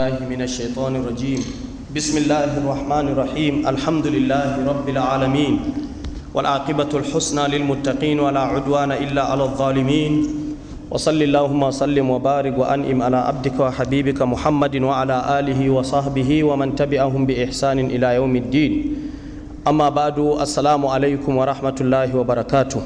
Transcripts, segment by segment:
بالله من الشيطان الرجيم بسم الله الرحمن الرحيم الحمد لله رب العالمين والعاقبة الحسنى للمتقين ولا عدوان إلا على الظالمين وصل اللهم وسلم وبارك وأنئم على عبدك وحبيبك محمد وعلى آله وصحبه ومن تبعهم بإحسان إلى يوم الدين أما بعد السلام عليكم ورحمة الله وبركاته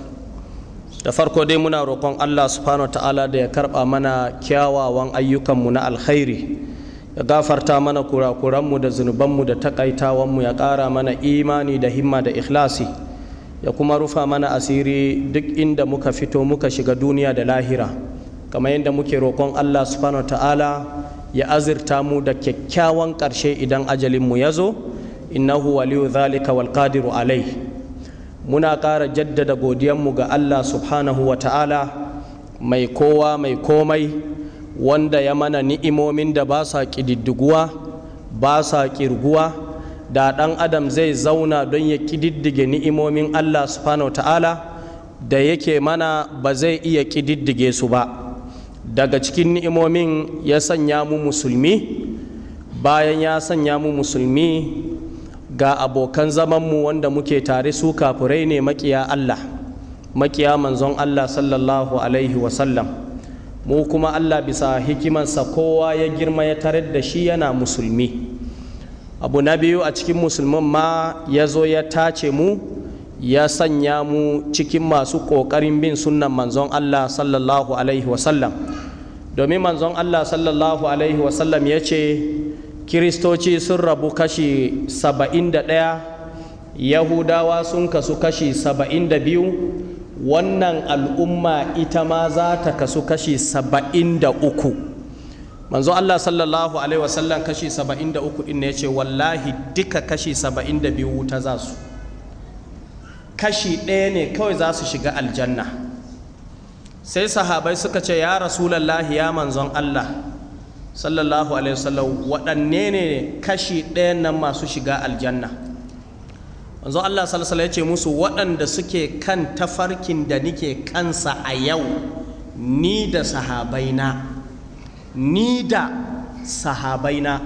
da farko dai muna roƙon allah subhanahu ta'ala da ya karɓa mana kyawawan ayyukanmu na alkhairi ya gafarta mana kurakuranmu da zunubanmu da takaitawanmu ya ƙara mana imani da himma da ikhlasi ya kuma rufa mana asiri duk inda muka fito muka shiga duniya da lahira kamar yadda muke roƙon allah subhanahu ta'ala ya azirta mu da kyakkyawan ƙarshe idan ajalinmu ya zo innahu waliyu zalika wal qadiru alai muna ƙara jaddada godiyanmu ga allah subhanahu wa ta'ala mai kowa mai komai wanda ya mana ni'imomin da ba sa ƙididdiguwa ba sa ƙirguwa da ɗan adam zai zauna don ya ƙididdige ni'imomin allah subhanahu ta'ala da yake mana ba zai iya ƙididdige su ba daga cikin ni'imomin ya sanya mu musulmi bayan ya sanya mu musulmi ga abokan zamanmu wanda muke tare su kafurai ne makiya allah makiya manzon allah sallallahu alaihi wasallam mu kuma Allah bisa hikimansa kowa ya girma ya tarar da shi yana musulmi abu na biyu a cikin musulman ma ya zo ya tace mu ya sanya mu cikin masu ƙoƙarin bin sunan manzon Allah sallallahu alaihi wasallam domin manzon Allah sallallahu alaihi wasallam ya ce kiristoci sun rabu kashi saba'in ɗaya yahudawa sun kasu kashi saba'in biyu wannan al'umma ita ma za ta kasu kashi saba'in da uku manzo Allah sallallahu alaihi wasallam kashi saba'in da uku inda ya ce wallahi duka kashi saba'in da biyu wuta za su kashi ɗaya ne kawai za su shiga aljanna sai sahabai suka ce ya lallahi ya manzon Allah sallallahu alaihi wasallam waɗanne ne kashi ɗaya nan masu shiga aljanna manzo Allah sallallahu ya ce musu waɗanda suke kan tafarkin da nike kansa a yau ni da sahabaina ni da sahabaina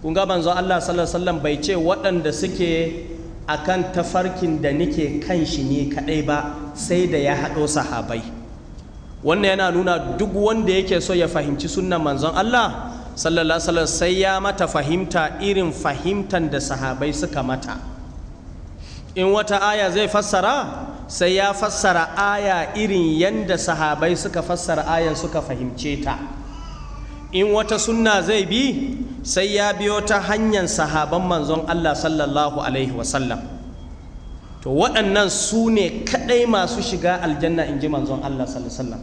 ƙunga banzu Allah sallallahu bai ce waɗanda suke a kan tafarkin da nike kan shi ne kaɗai ba sai da ya haɗo sahabai wannan yana nuna duk wanda yake so ya fahimci sunan manzon Allah sallallahu alaihi sai ya mata fahimta irin fahimtan da sahabai suka mata in wata aya zai fassara sai ya fassara aya irin yadda sahabai suka fassara ayan suka fahimce ta in wata sunna zai bi sai ya biyo ta hanyar sahaban manzon Allah sallallahu alaihi wasallam to waɗannan su ne kaɗai masu shiga aljanna in ji manzon Allah sallallahu alaihi wasallam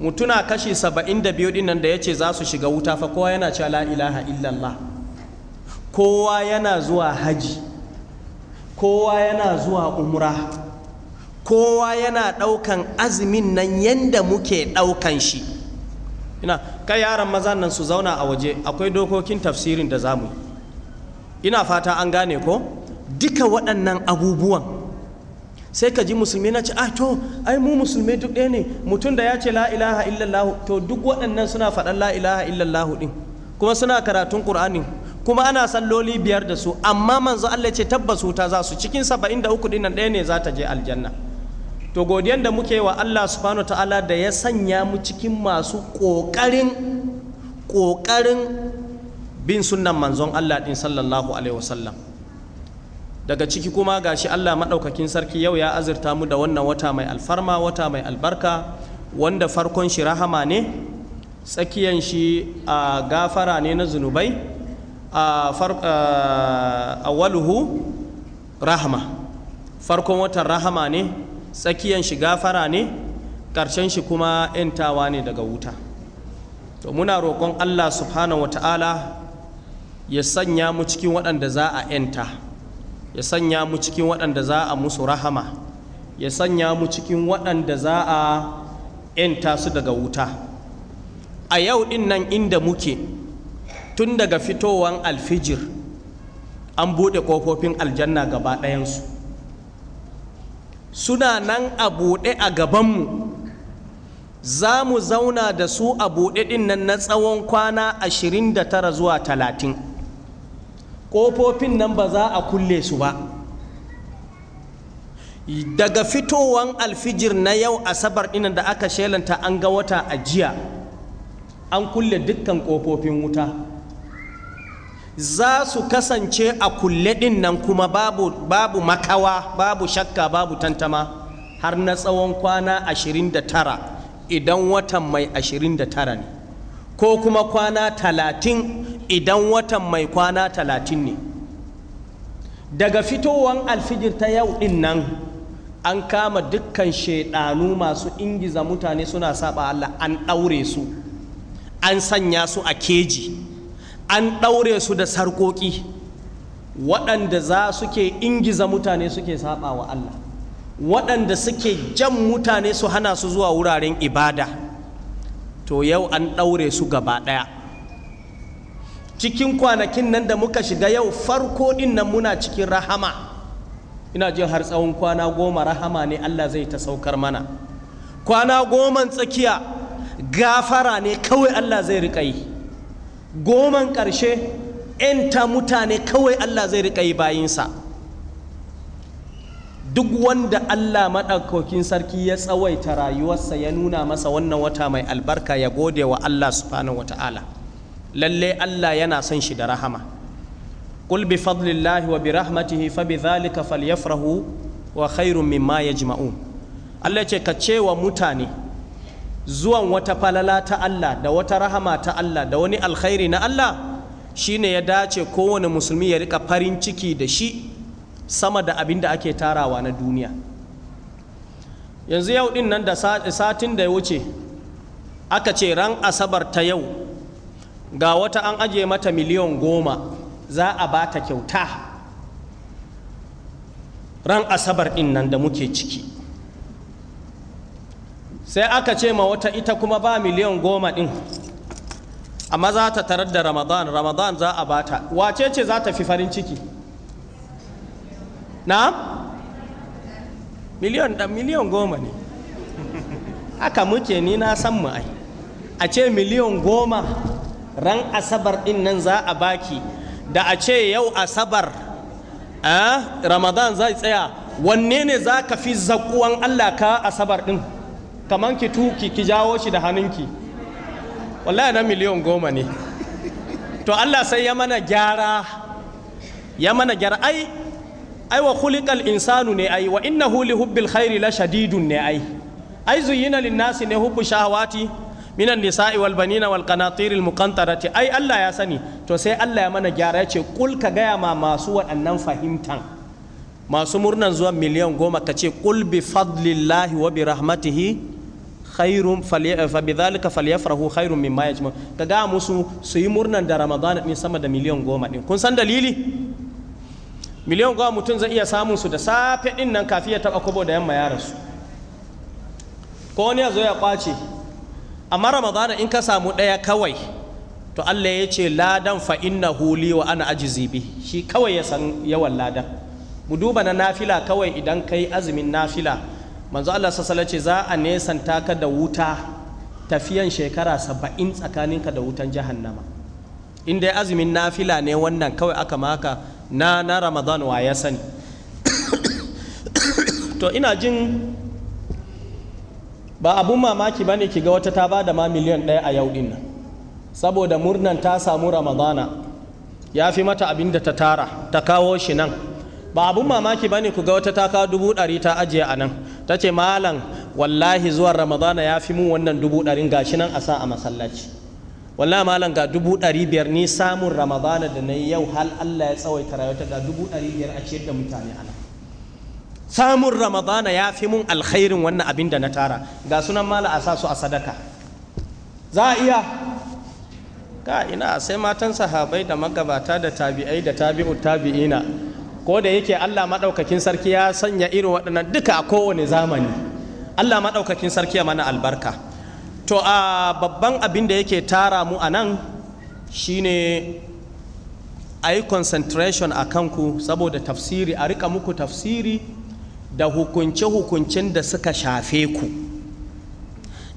mutuna kashi saba'in da biyu ɗin da ya ce za su shiga wuta fa kowa yana cewa la ilaha illallah kowa yana zuwa haji kowa yana zuwa umra kowa yana ɗaukan azumin nan yadda muke ɗaukan shi ina kai yaran mazan nan su zauna a waje akwai dokokin tafsirin da zamu ina fata an gane ko duka waɗannan abubuwan sai ka ji musulmi na ce ah to ai mu musulmi duk ɗaya ne mutum da ya ce la ilaha illallah to duk waɗannan suna faɗan la ilaha illallah din kuma suna karatun ƙur'anin kuma ana salloli biyar da su amma manzo Allah ce tabbas wuta za su cikin 73 din nan ɗaya ne za ta je aljanna to godiyan da muke wa Allah subhanahu ta'ala da ya sanya mu cikin masu ƙoƙarin ƙoƙarin bin sunnan manzon Allah din sallallahu alaihi wasallam daga ciki kuma gashi Allah maɗaukakin sarki yau ya azurta mu da wannan wata mai alfarma wata mai albarka wanda farkon shi rahama ne tsakiyan shi a gafara ne na zunubai A ah, ah, awwaluhu rahama farkon watan rahama ne tsakiyan shi gafara ne ƙarshen shi kuma 'yantawa ne daga wuta to muna roƙon allah subhanahu ta'ala ya sanya mu cikin waɗanda za a 'yanta ya sanya mu cikin waɗanda za a musu rahama ya sanya mu cikin waɗanda za a 'yanta su daga wuta a yau ɗin nan inda muke tun daga fitowar alfijir an buɗe ƙofofin aljanna gaba ɗayansu suna nan a buɗe a gabanmu za mu zauna da su a buɗe ɗin nan na tsawon kwana ashirin da tara zuwa talatin ƙofofin nan ba za a kulle su ba daga fitowar alfijir na yau asabar ɗin da aka shelanta an ga wata a jiya an kulle dukkan kofofin wuta za su kasance a kulle ɗin nan kuma babu, babu makawa babu shakka babu tantama har na tsawon kwana 29 idan watan mai 29 ne ko kuma kwana 30 idan watan mai kwana 30 ne daga fitowar alfijir ta yau ɗin nan an kama dukkan shaidanu masu ingiza mutane suna saba Allah an ɗaure su an sanya su a keji an ɗaure su da sarƙoƙi waɗanda za suke ingiza mutane suke saba wa Allah waɗanda suke jan mutane su hana su zuwa wuraren ibada to yau an ɗaure su gaba ɗaya cikin kwanakin nan da muka shiga yau farko ɗin nan muna cikin rahama ina jin har tsawon kwana goma rahama ne Allah zai ta saukar mana kwana goman tsakiya gafara ne kawai Allah zai riƙa yi goman ƙarshe ‘yanta mutane kawai Allah zai riƙa yi bayinsa duk wanda Allah maɗaukakin sarki ya tsawaita rayuwarsa ya nuna masa wannan wata mai albarka ya gode wa Allah subhanahu wa ta'ala lalle Allah yana son shi da rahama qul bi fadlillahi wa bi rahmatihi fa bi dhalika falyafrahu wa khairun mimma yajma'un Allah ce kace wa mutane zuwan wata falala ta Allah da wata rahama ta Allah da wani alkhairi na Allah shine ya dace kowane musulmi ya rika farin ciki da shi sama da abin da ake tarawa na duniya yanzu yau din nan da satin da ya wuce aka ce ran asabar ta yau ga wata an ajiye mata miliyan goma za a ba ta kyauta ran asabar din nan da muke ciki sai aka ce ma wata ita kuma ba miliyan goma ɗin amma za ta tarar da ramadan ramadan za a bata wace ce za ta fi farin ciki na miliyan da miliyan goma ne haka muke ni na san mu ai a ce miliyan goma ran asabar ɗin nan za a baki da a ce yau asabar eh, ramadan zai tsaya wanne ne za ka fi zakuwan allah ka asabar ɗin kaman ki tuki ki jawo shi da hannunki wallahi na miliyan goma ne to Allah sai ya mana gyara ya mana gyara ai ai wa khuliqal insanu ne ai wa innahu li hubbil khairi la shadidun ne ai ai zuyina lin nasi ne hubbu shahawati minan nisa'i wal banina wal al muqantarati ai Allah ya sani to sai Allah ya mana gyara ya ce kul ka gaya ma masu waɗannan fahimtan masu murnan zuwa miliyan goma ka ce kul bi fadlillahi wa bi rahmatihi khairun eh, fa bi dhalika falyafrahu khairun mimma yajma ka ga musu su yi murnan da ramadan din sama da miliyan goma din kun san dalili miliyan goma mutum zai iya samun su da safe din nan kafi ya taba kobo da yamma ya rasu ko wani ya zo ya kwace amma ramadan in ka samu daya kawai to Allah ya ce ladan fa innahu li wa ana ajzi bi shi kawai ya san yawan ladan mu duba na nafila kawai idan kai azumin nafila manzo Allah sassala ce za a nesanta ka da wuta tafiyan shekara saba'in tsakaninka da wutan jahannama in dai azumin nafila ne wannan kawai aka maka na na ramadan wa ya sani to ina jin ba abun mamaki ba ne ki ga wata ta ba da ma miliyan ɗaya a yau ɗin nan saboda murnan ta samu ramadana ya fi mata abin da ta tara ta kawo shi nan ba abun mamaki bane ku ga wata ta kawo dubu ɗari ta ajiye a nan ta ce malam wallahi zuwan ramadana ya fi mun wannan dubu ɗarin gashi nan a sa a masallaci wallahi malam ga dubu ɗari biyar ni samun ramadana da na yau hal allah ya tsawaita rayuwata ga dubu ɗari biyar a ciyar da mutane a nan. samun ramadana ya fi mun alkhairin wannan abin da na tara ga sunan malam a sa su a sadaka za a iya ka ina sai matan sahabai da magabata da tabi'ai da tabi'u tabi'ina ko da yake Allah maɗaukakin sarki ya sanya irin waɗannan duka a kowane zamani Allah maɗaukakin sarki ya mana albarka to a babban abin da yake tara mu a nan shine a yi concentration a kanku saboda tafsiri a rika muku tafsiri da hukunce-hukuncen da suka shafe ku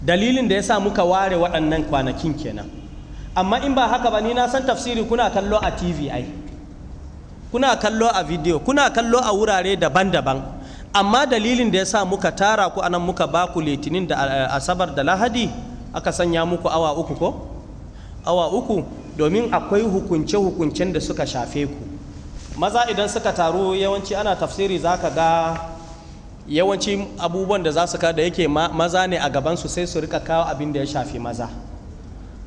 dalilin da ya sa muka ware waɗannan kwanakin kenan amma in ba haka ba ni na san tafsiri kuna kallo a tv ai kuna kallo a video kuna kallo a wurare daban-daban amma dalilin da ya sa muka tara ku anan muka ba ku litinin da eh, asabar da lahadi aka sanya muku awa uku ko awa uku domin akwai hukunce-hukuncen da suka shafe ku maza idan suka taru yawanci ana tafsiri za ka ga yawanci abubuwan da za su ka da yake maza ne a gaban su sai su rika kawo abin da ya shafi maza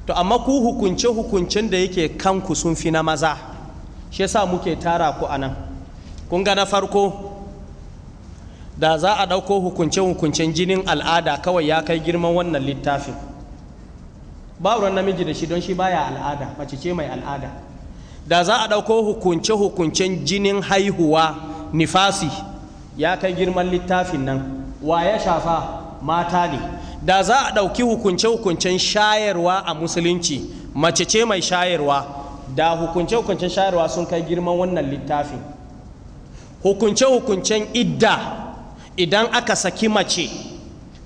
to amma ku hukunce-hukuncen da yake kanku sun fi na maza shi yasa muke tara ku anan kun ga na farko da za a ɗauko hukunce-hukuncen jinin al'ada kawai ya kai girman wannan littafin bawuran namiji da shi don shi baya al'ada mace ce mai al'ada da za a ɗauko hukunce-hukuncen jinin haihuwa nifasi ya kai girman littafin nan wa ya shafa mata ne da za a ɗauki hukunce-hukuncen shayarwa a musulunci mace ce mai shayarwa da hukunce-hukuncen shayarwa sun kai girman wannan littafin hukunce-hukuncen idda idan aka saki mace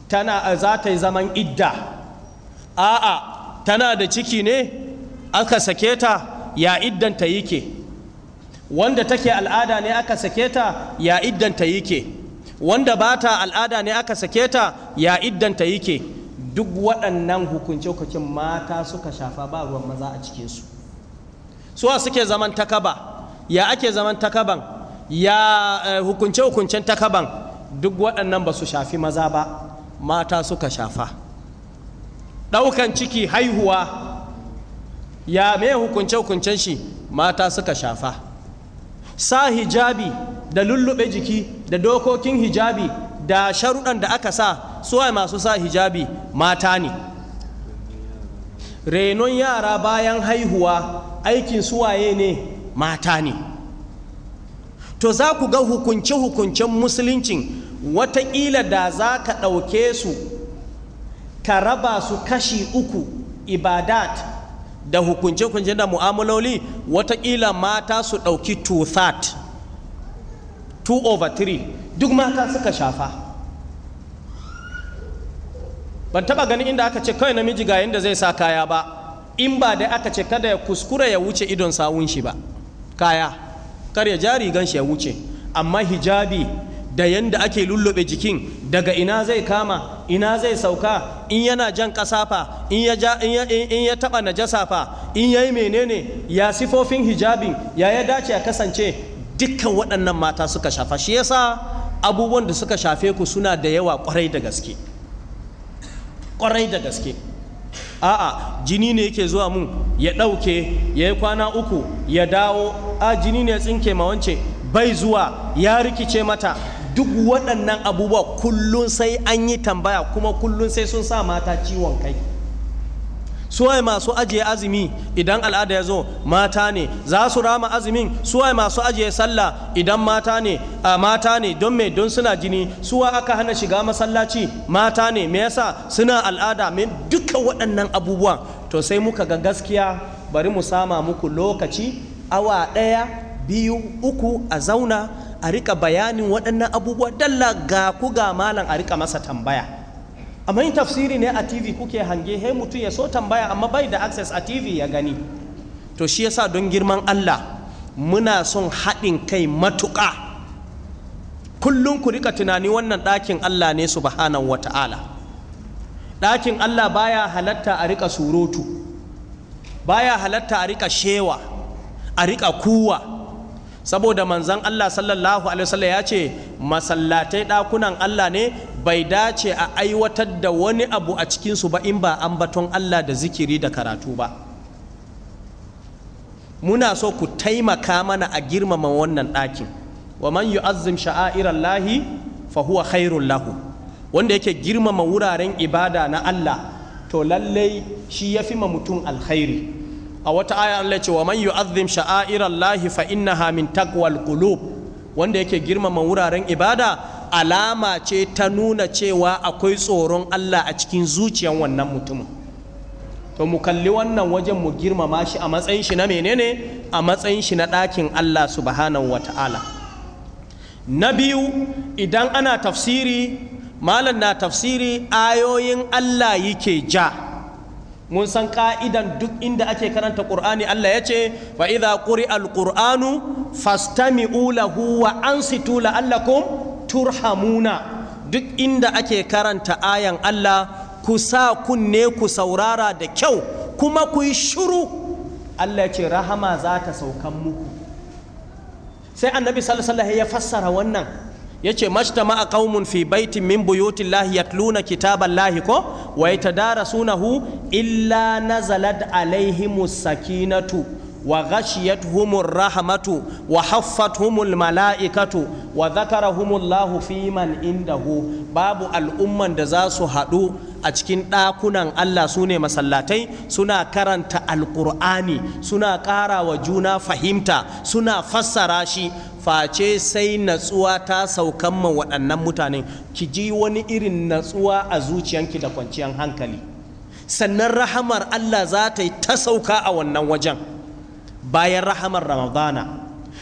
tana za ta yi zaman idda a'a tana da ciki ne aka sake ta ya iddanta yake wanda take al'ada ne aka sake ta ya iddanta yake wanda ba ta al'ada ne aka sake ta ya iddanta yake duk waɗannan hukunce hukuncen mata suka shafa ba ruwan maza a cikinsu suwa suke zaman takaba ya ake zaman takaban ya eh, hukunce-hukuncen takaban duk waɗannan ba su shafi maza ba mata suka shafa ɗaukan ciki haihuwa ya me hukunce-hukuncen shi mata suka shafa sa hijabi da lullube jiki da dokokin hijabi da sharuɗan da aka sa suwa masu sa hijabi mata ne renon yara bayan haihuwa aikin suwaye ne mata ne to za ku ga hukunce-hukuncen musuluncin watakila da za ka ɗauke su ka raba su kashi uku ibadat da hukunce-hukunce da mu'amaloli watakila mata su ɗauki 2 2 3 duk mata suka shafa ban taba ganin inda aka ce kawai namiji ga yadda zai sa kaya ba in ba da aka ce kada ya kuskura ya wuce idon sawun shi ba kaya kar ya jari gan shi ya wuce amma hijabi da yadda ake lullube jikin daga ina zai kama ina zai sauka in yana jan ƙasa fa in ya ja in ya in ya taba fa in yayi menene ya sifofin hijabin ya ya dace ya kasance dukkan waɗannan mata suka shafa shi yasa abubuwan da suka shafe ku suna da yawa kwarai da gaske kwarai da gaske a'a jini ne yake zuwa mun ya ɗauke ya yi kwana uku ya dawo a jini ne ya tsinke ma wance bai zuwa ya rikice mata duk waɗannan abubuwa kullum sai an yi tambaya kuma kullum sai sun sa mata ciwon kai suwaye masu ajiye azumi idan al'ada ya zo mata ne za su rama azumin suwaye masu ajiye sallah idan mata ne a mata ne don me don suna jini suwa aka hana shiga masallaci mata ne me yasa suna al'ada me duka waɗannan abubuwan to sai muka ga gaskiya bari mu sama muku lokaci awa ɗaya biyu uku a zauna a rika bayanin waɗannan abubuwa dalla ga ku ga malam a rika masa tambaya amma in tafsiri ne a tv kuke hange he mutum ya so tambaya amma bai da access a tv ya gani to shi yasa don girman allah muna son haɗin kai matuƙa kullum ku rika tunani wannan ɗakin allah ne subhanahu wa ta'ala ɗakin allah baya halatta a rika surutu baya halatta a rika shewa a rika kuwa saboda manzan Allah sallallahu alaihi wasallam ya ce masallatai ɗakunan Allah ne bai dace a aiwatar da wani abu a cikinsu ba in ba ambaton Allah da zikiri da karatu ba muna so ku taimaka mana a girmama wannan ɗakin wa man yu'azzim sha'airar lahi fa huwa khairun lahu wanda yake girmama wuraren ibada na Allah to lallai shi ya fi ma mutum alkhairi a wata aya Allah ce wa man yu'azzim sha'airar lahi fa inna Hamin taqwal qulub wanda yake girmama wuraren ibada alama ce ta nuna cewa akwai tsoron Allah a cikin zuciyar wannan mutumin to mu kalli wannan wajen mu girmama shi a matsayin shi na menene a matsayin shi na ɗakin Allah subhanahu wata'ala na biyu idan ana tafsiri malam na tafsiri ayoyin Allah yake ja mun san ka'idan duk inda ake karanta ƙur'ani Allah ya ce fa idza quri'al qur'anu fastami'u lahu wa Allah la'allakum turhamuna duk inda ake karanta ayan Allah ku sa kunne ku saurara da kyau kuma ku yi shuru Allah ce rahama za ta saukan muku sai annabi sallallahu ya fassara wannan yace majtama mashtama a qaumun fi baitin min buyuti lahi yatluna kitaban lahi ko wa yatadarasunahu illa nazalat alaihimus sakinatu wa ghashiyatuhumur rahmatu wa humul mala'ikatu wa zakarahumullahu fiman man indahu babu al'umman da za su haɗu a cikin ɗakunan Allah su ne masallatai suna karanta alƙur'ani suna ƙara wa juna fahimta suna fassara shi face sai natsuwa ta saukan ma waɗannan mutane. ki ji wani irin natsuwa a zuciyanki da kwanciyar hankali sannan rahamar Allah za ta yi ta sauka a wannan wajen bayan rahaman ramadana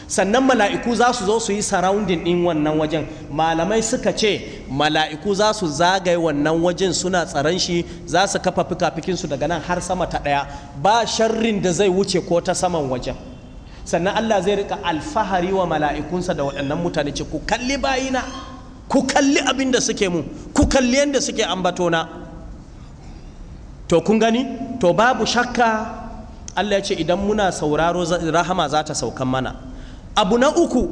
sannan mala'iku za su zo su yi surrounding ɗin wannan wajen malamai suka ce mala'iku za su zagaye wannan wajen suna tsaron shi za su kafa fikafikinsu daga nan har sama ta ɗaya ba sharrin da zai wuce ko ta saman wajen sannan Allah zai rika alfahari wa mala'ikunsa da waɗannan mutane ce ku kalli bayina ku kalli abin da suke mu ku kalli yadda suke ambatona to kun gani to babu shakka Allah ya ce idan muna sauraro rahama za ta saukan mana abu na uku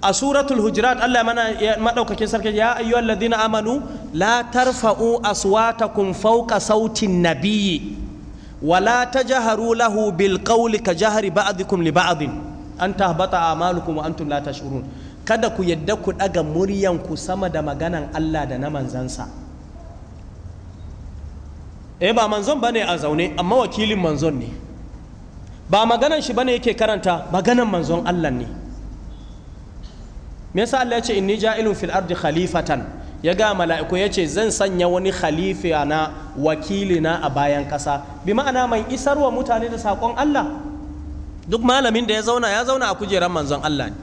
a suratul hujurat Allah mana madaukakin sarki ya ayyuhal ladina amanu la tarfa'u aswatakum fawqa sautin nabiyyi wala tajharu lahu bil qawli ka jahri ba'dikum li ba'din an tahbata a'malukum wa antum la tash'urun kada ku yadda ku daga ku sama da maganan Allah da na manzansa eh ba manzon bane a zaune amma wakilin manzon ne ba maganan shi bane yake karanta maganan manzon Allah ne me yasa Allah ya ce inni ja'ilun fil ardi khalifatan ya ga mala'iku ya ce zan sanya wani khalifa na wakilina a bayan kasa bi ma'ana mai isarwa mutane da sakon Allah duk malamin da ya zauna ya zauna a kujerar manzon Allah ne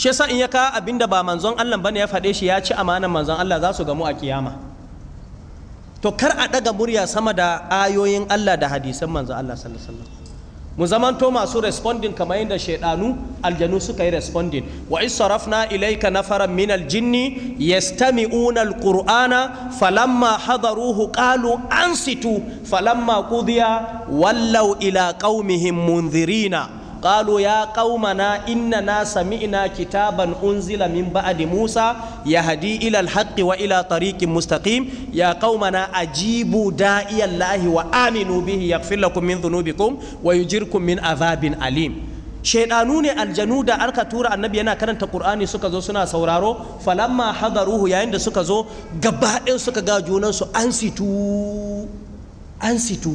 shi yasa in ya ka abinda ba manzon Allah bane ya fade shi ya ci amanan manzon Allah za su gamu a kiyama to kar a ɗaga murya sama da ayoyin Allah da hadisan manzon Allah sallallahu alaihi wasallam mu zamanto masu responding kamar yadda shaidanu aljanu suka yi responding wa israfna ilaika nafaran min aljinni yastami'una alqur'ana falamma hadaruhu qalu ansitu falamma qudiya wallau ila qaumihim munzirina قالوا يا قومنا إننا سمعنا كتابا أنزل من بعد موسى يهدي إلى الحق وإلى طريق مستقيم يا قومنا أجيبوا داعي الله وآمنوا به يغفر لكم من ذنوبكم ويجركم من عذاب أليم shaidanu ne aljanu da aka tura annabi yana karanta qur'ani suka zo suna sauraro falamma hadaruhu yayin da suka zo gaba suka ga junansu an situ an situ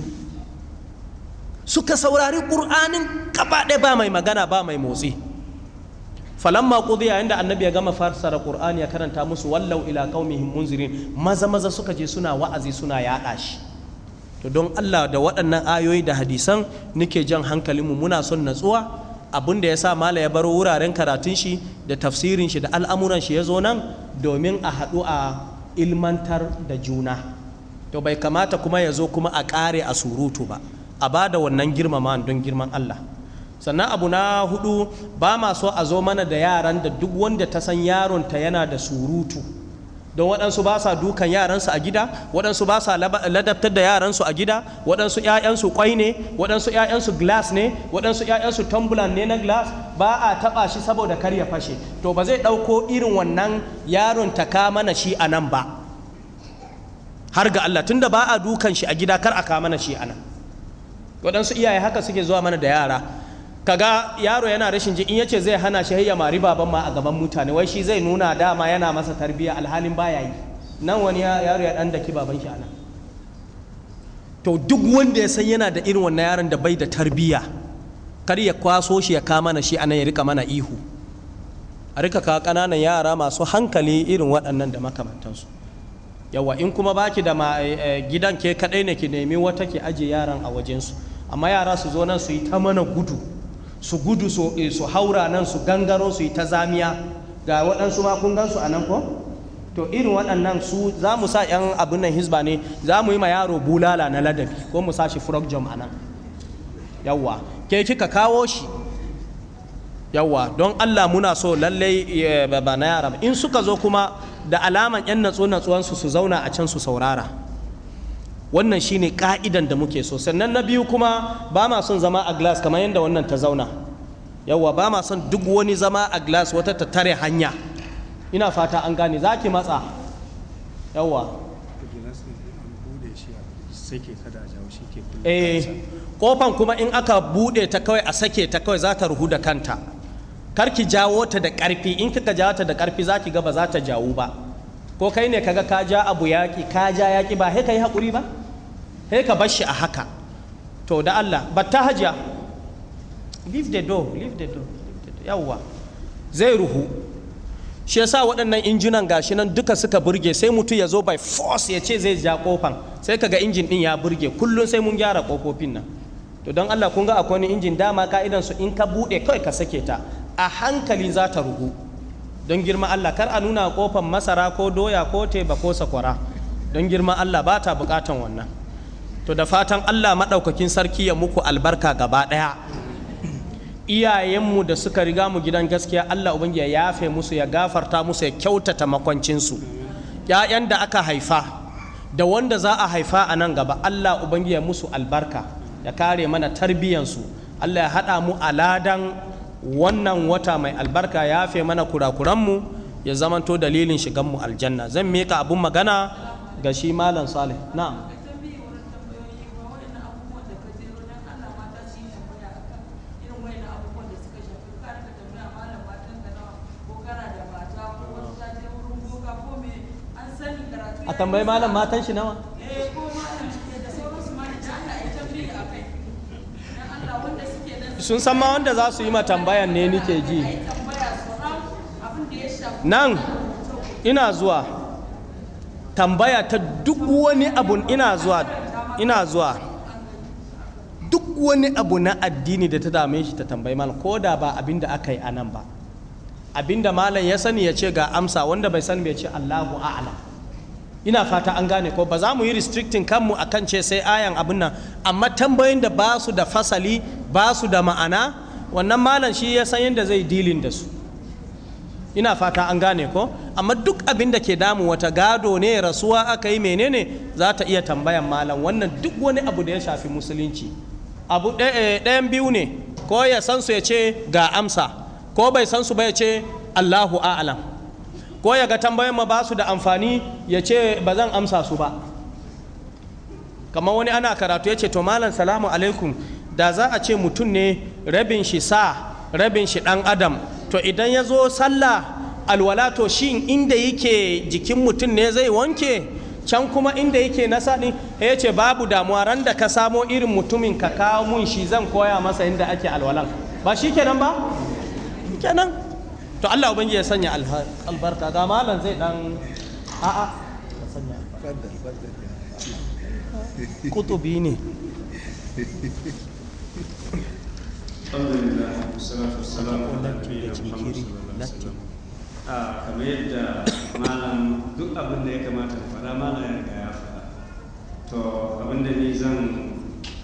suka saurari ƙur'anin gaba ɗaya ba mai magana ba mai motsi falamma yayin inda annabi ya gama fassara ƙur'ani ya karanta musu wallau ila qaumihim munzirin maza maza suka je suna wa'azi suna yaɗa shi to don Allah da waɗannan ayoyi da hadisan nike jan hankalinmu muna son natsuwa abin da ya sa mala ya baro wuraren karatun shi da tafsirin shi da al'amuran shi ya zo nan domin a haɗu a ilmantar da juna to bai kamata kuma ya zo kuma a ƙare a surutu ba a ba da wannan girmama don girman Allah sannan abu na hudu ba ma so a zo mana da yaran da duk wanda ta san yaron ta yana da surutu don waɗansu ba sa dukan yaransu a gida waɗansu ba sa ladabtar da yaransu a gida waɗansu 'ya'yansu kwai ne waɗansu 'ya'yansu glass ne waɗansu 'ya'yansu tumbler ne na glass ba a taɓa shi saboda kar ya fashe to ba zai ɗauko irin wannan yaron ta mana shi a nan ba har ga Allah tunda ba a dukan shi a gida kar a mana shi a nan waɗansu iyaye haka suke zuwa mana da yara kaga yaro yana rashin ji in yace zai hana shi ya mari baban ma a gaban mutane wai shi zai nuna dama yana masa tarbiyya alhalin baya yi nan wani yaro ya dan daki baban shi ana to duk wanda ya san yana da irin wannan yaron da bai da tarbiyya kar ya kwaso shi ya kama na shi anan ya rika mana ihu a rika ka kananan yara masu hankali irin waɗannan da makamantansu yawa in kuma baki da eh, eh, gidan ke kadai ne ki nemi wata ki aje yaran a wajensu amma yara su zo nan su yi ta mana gudu su gudu eh, su haura nan su gangaro su yi ta zamiya ga waɗansu ma kun su a nan ko to irin waɗannan su za mu sa 'yan abin nan hisba ne za mu yi ma yaro bulala na ladabi ko mu sa shi frog jam a nan yawwa ke kika kawo shi yawwa don allah muna so lallai eh, ba na yara in suka zo kuma da alaman 'yan natsu natsuwansu su zauna a can su saurara wannan shine ka'idan da muke so sannan na biyu kuma ba ma son zama a glass kamar yadda wannan ta zauna yawwa ba ma son duk wani zama a glass wata ta tare hanya ina fata an gane za ki matsa yawwa eh kofan kuma in aka bude ta kawai a sake ta kawai za ta ruhu da kanta kar ki jawo ta da karfi in kika jawo ta da karfi za ki ga ba za ta jawo ba ko kai ne kaga ka ja abu yaƙi ka ja yaƙi ba haka yi haƙuri ba haka bar shi a haka to da Allah ba ta hajiya leave the door leave the door yawwa zai ruhu shi yasa waɗannan injinan gashi nan duka suka burge sai mutum ya zo by force ya ce zai ja kofan sai kaga injin din ya burge kullum sai mun gyara kofofin nan to don Allah kun ga akwai wani injin dama ka'idan su in ka buɗe kawai ka sake ta a hankali za ta ruhu don girma Allah kar a nuna kofan masara ko doya ko teba ko sakwara don girma Allah ba ta bukatan wannan to da fatan Allah maɗaukakin sarki ya muku albarka gaba ɗaya iyayenmu da suka riga mu gidan gaskiya Allah ubangi ya yafe musu ya gafarta musu ya kyautata makwancinsu ‘ya'yan da aka haifa da wanda za a haifa a nan gaba Allah ubangi ya musu albarka ya kare mana tarbiyyansu Allah ya haɗa mu aladan wannan wata mai albarka ya mana mana kurakuranmu ya zamanto dalilin shiganmu aljanna zan mika abun magana ga shi malam salih na'am a tambayi malam matan shi nawa eh, sun san ma wanda za su yi ma tambayan ne nike ji nan ina zuwa tambaya ta duk wani abu ina zuwa ina zuwa duk wani abu na addini da ta dame shi ta tambayi mana, ko da ba abin da aka yi a nan ba abin da malam ya sani ya ce ga amsa wanda bai sani bai ce allahu a'lam ina fata an gane ko ba za mu yi restricting kanmu a kan ce sai ayan abin nan amma tambayin da ba su da fasali ba su da ma'ana wannan malam shi ya san yadda zai dilin da su ina fata an gane ko amma duk abin da ke damu wata gado ne rasuwa aka yi menene za ta iya tambayan malam wannan duk wani abu da ya shafi musulunci abu eh, ɗayan biyu ne ko ya san su ya ce ga amsa ko bai san su ba ya ce allahu a'alam ko ya ga tambayin ma ba su da amfani ya ce ba zan amsa su ba kamar wani ana karatu ya ce to malam salamu alaikum da za a ce mutum ne rabin shi sa rabin shi dan adam to idan ya zo sallah alwala to shin inda yake jikin mutum ne zai wanke can kuma inda yake na sani ya ce babu damuwa ran da ka samo irin mutumin ka kawo mun shi zan koya masa inda ake alwalan ba shi kenan ba kenan to Allah ubangiji ya sanya albarka ga malam zai dan a'a sanya kutubi ne a ah, kamar yadda malam duk abin da ya kamata malam ya ya to abin da ni zan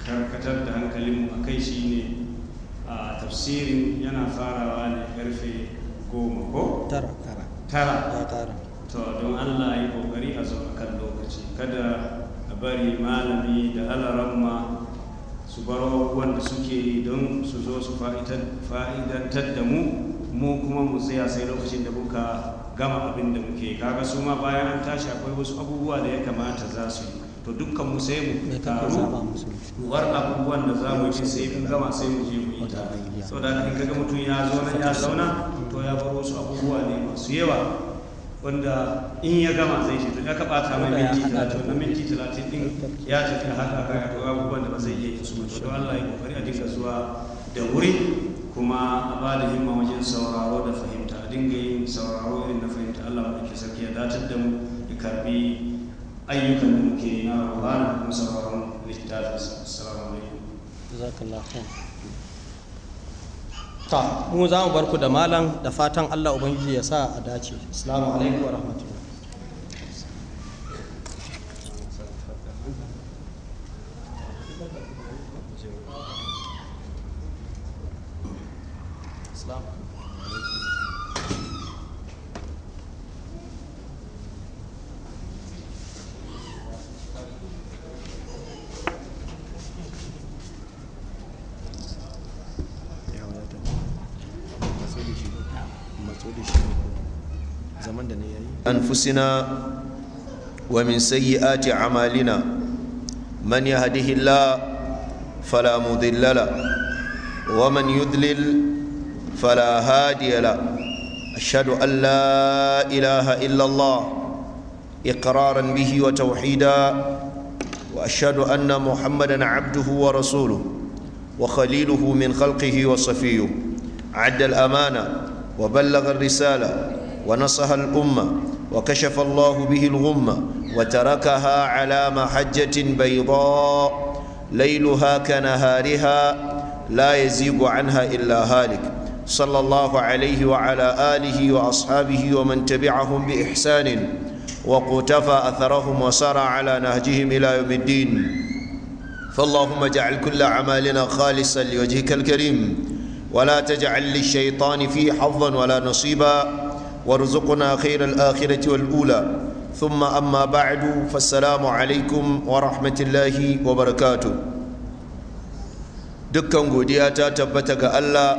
karkatar da hankalinmu a kai shine a ah, tafsirin yana farawa ne karfe goma ko? tara tara tara to don allah yi kokari a zo a kan lokaci kada a bari malami da alaramma su bar wanda suke yi don su zo su fa'idantar da mu mu kuma mu tsaya sai lokacin da muka gama abin da muke kaga su ma bayan an tashi akwai wasu abubuwa da ya kamata za su yi to dukkan mu sai mu taru war abubuwan da za mu yi sai mun gama sai mu je mu yi ta saboda haka in kaga mutum ya zo nan ya zauna to ya bar wasu abubuwa ne masu yawa wanda in ya gama zai shi to ya kaba ta mai minti 30 na minti 30 din ya tafi haka haka ga abubuwan da ba zai iya yi su to Allah ya kokari a dinga zuwa da wuri kuma a ba da himma wajen sauraro da fahimta a dinga yin sauraro irin na fahimta Allah ya sarki ya datar da mu ya karbi ayyukan da muke yi na ramadana da kuma sauraron littafin assalamu alaikum jazakallahu khair ta mu za mu bar ku da malam da fatan Allah ubangiji ya sa a dace assalamu alaikum wa rahmatullahi أنفسنا ومن سيئات أعمالنا من يهده الله فلا مضل له ومن يضلل فلا هادي له أشهد أن لا إله إلا الله إقرارا به وتوحيدا وأشهد أن محمدا عبده ورسوله وخليله من خلقه وصفيه عد الأمانة وبلغ الرسالة ونصح الأمة وكشف الله به الغمة وتركها على محجة بيضاء ليلها كنهارها لا يزيغ عنها إلا هالك صلى الله عليه وعلى آله وأصحابه ومن تبعهم بإحسان وقتفى أثرهم وسار على نهجهم إلى يوم الدين فاللهم اجعل كل أعمالنا خالصا لوجهك الكريم ولا تجعل للشيطان فيه حظا ولا نصيبا وارزقنا خير الآخرة والأولى ثم أما بعد فالسلام عليكم ورحمة الله وبركاته dukkan godiya ta tabbata ga Allah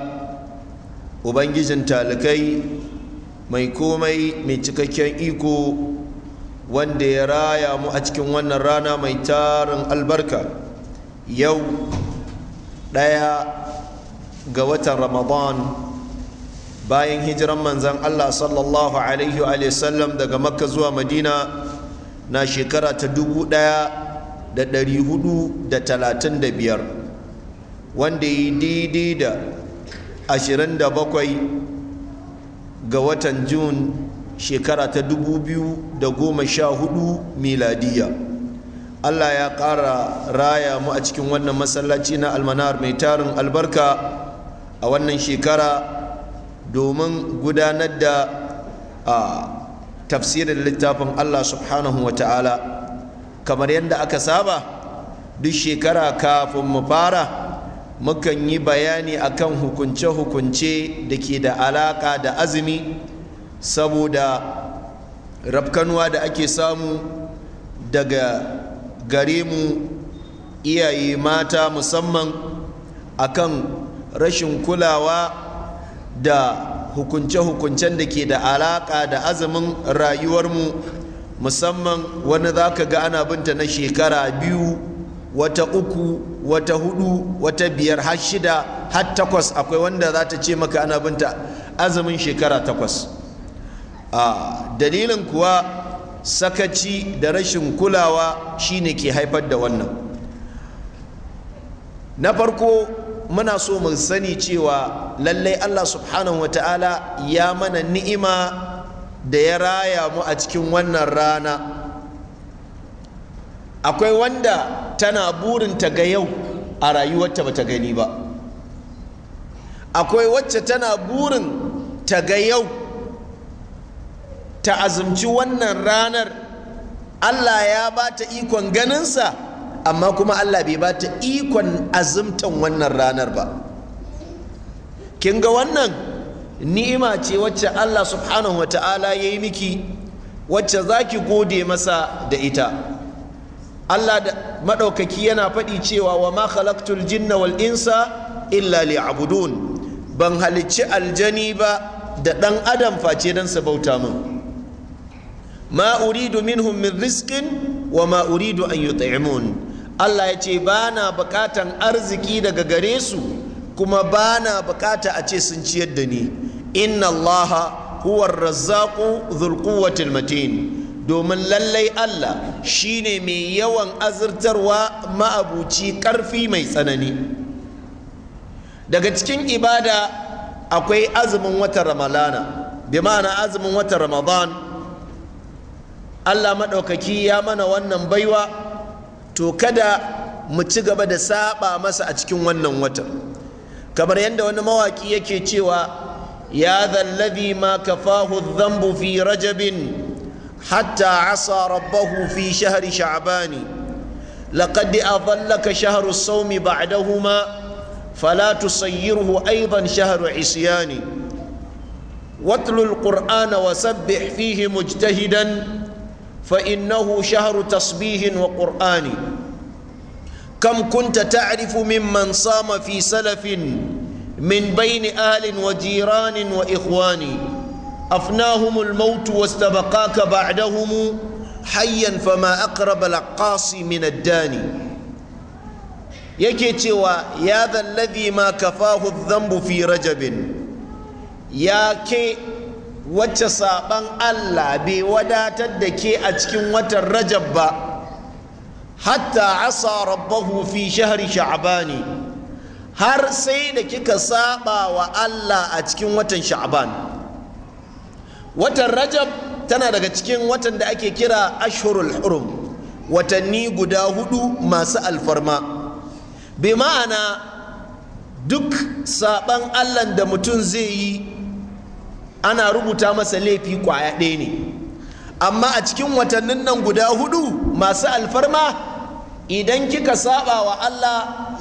ubangijin talikai mai komai mai cikakken iko wanda ya raya mu a cikin wannan rana mai tarin albarka yau ɗaya ga watan ramadan bayan hijiran manzan Allah sallallahu alaihi wa sallam daga makka zuwa madina na shekara ta dubu ɗaya da ɗari hudu da talatin da biyar wanda yi daidai da ashirin da bakwai ga watan jun shekara ta dubu biyu da goma sha hudu miladiya Allah ya ƙara raya mu a cikin wannan masallaci na almanar mai tarin albarka a wannan shekara domin gudanar da tafsirin littafin Allah subhanahu wa ta'ala kamar yadda aka saba duk shekara kafin mu fara mukan yi bayani akan hukunce-hukunce da ke da alaƙa da azumi saboda rafkanuwa da ake samu daga gare mu iyaye mata musamman akan rashin kulawa da hukunce-hukuncen da ke da alaƙa da azumin rayuwarmu musamman wani za ka ga ana binta na shekara biyu wata uku wata hudu wata biyar har shida har takwas akwai wanda za ta ce maka ana binta azumin shekara takwas dalilin kuwa sakaci da rashin kulawa shine ke haifar da wannan na farko muna so mu sani cewa lallai Allah subhanahu wa ta'ala ya mana ni'ima da ya raya mu a cikin wannan rana akwai wanda tana burinta ga yau a rayuwarta bata gani ba akwai wacce tana burin ta ga yau ta azumci wannan ranar Allah ya ba ta ikon ganinsa amma kuma Allah bai ba ta ikon azumtan wannan ranar ba kin ga wannan ni'ima ce wacce Allah subhanahu wa ta'ala ya yi miki wacce za ki gode masa da ita Allah da maɗaukaki yana faɗi cewa wa ma khalaqtul jinna wal insa illa liya'budun ban halicci aljani ba da ɗan adam face don su bauta min ma uridu minhum min rizqin wa ma uridu an yut'imun Allah ya ce ba na bukatan arziki daga gare su kuma ba na bukata a ce sun ciyar da ni inna allaha huwa razzaqu dhul matin domin lallai Allah shine mai yawan azurtarwa ma'abuci karfi mai tsanani daga cikin ibada akwai azumin watan ramalana bi ma'ana azumin watan ramadan Allah maɗaukaki ya mana wannan baiwa to kada mu ci gaba da saba masa a cikin wannan watan kamar yadda wani mawaki yake cewa ya zallabi ma kafahu zambu fi rajabin hatta asa rabbahu fi shahri sha'bani laqad adallaka shahru as-sawmi ba'dahuma فلا تصيره shahar شهر عصيان واتل القرآن وسبح fihi mujtahidan فإنه شهر تصبيه وقرآن كم كنت تعرف ممن صام في سلف من بين أهل وجيران وإخوان أفناهم الموت واستبقاك بعدهم حيا فما أقرب العقاصي من الداني yake يا ذا الذي ما كفاه الذنب في رجب يا كي wacce saban Allah bai wadatar da ke a cikin watan Rajab ba hatta asa rabbahu fi sha'aba ne. har sai da kika saba wa Allah a cikin watan sha'aban. watan Rajab tana daga cikin watan da ake kira ashhurul hurum watanni guda hudu masu alfarma bi ma'ana duk saban Allah da mutum zai yi ana rubuta masa laifi kwaya ɗaya ne amma a cikin watannin nan guda hudu masu alfarma idan kika saba wa Allah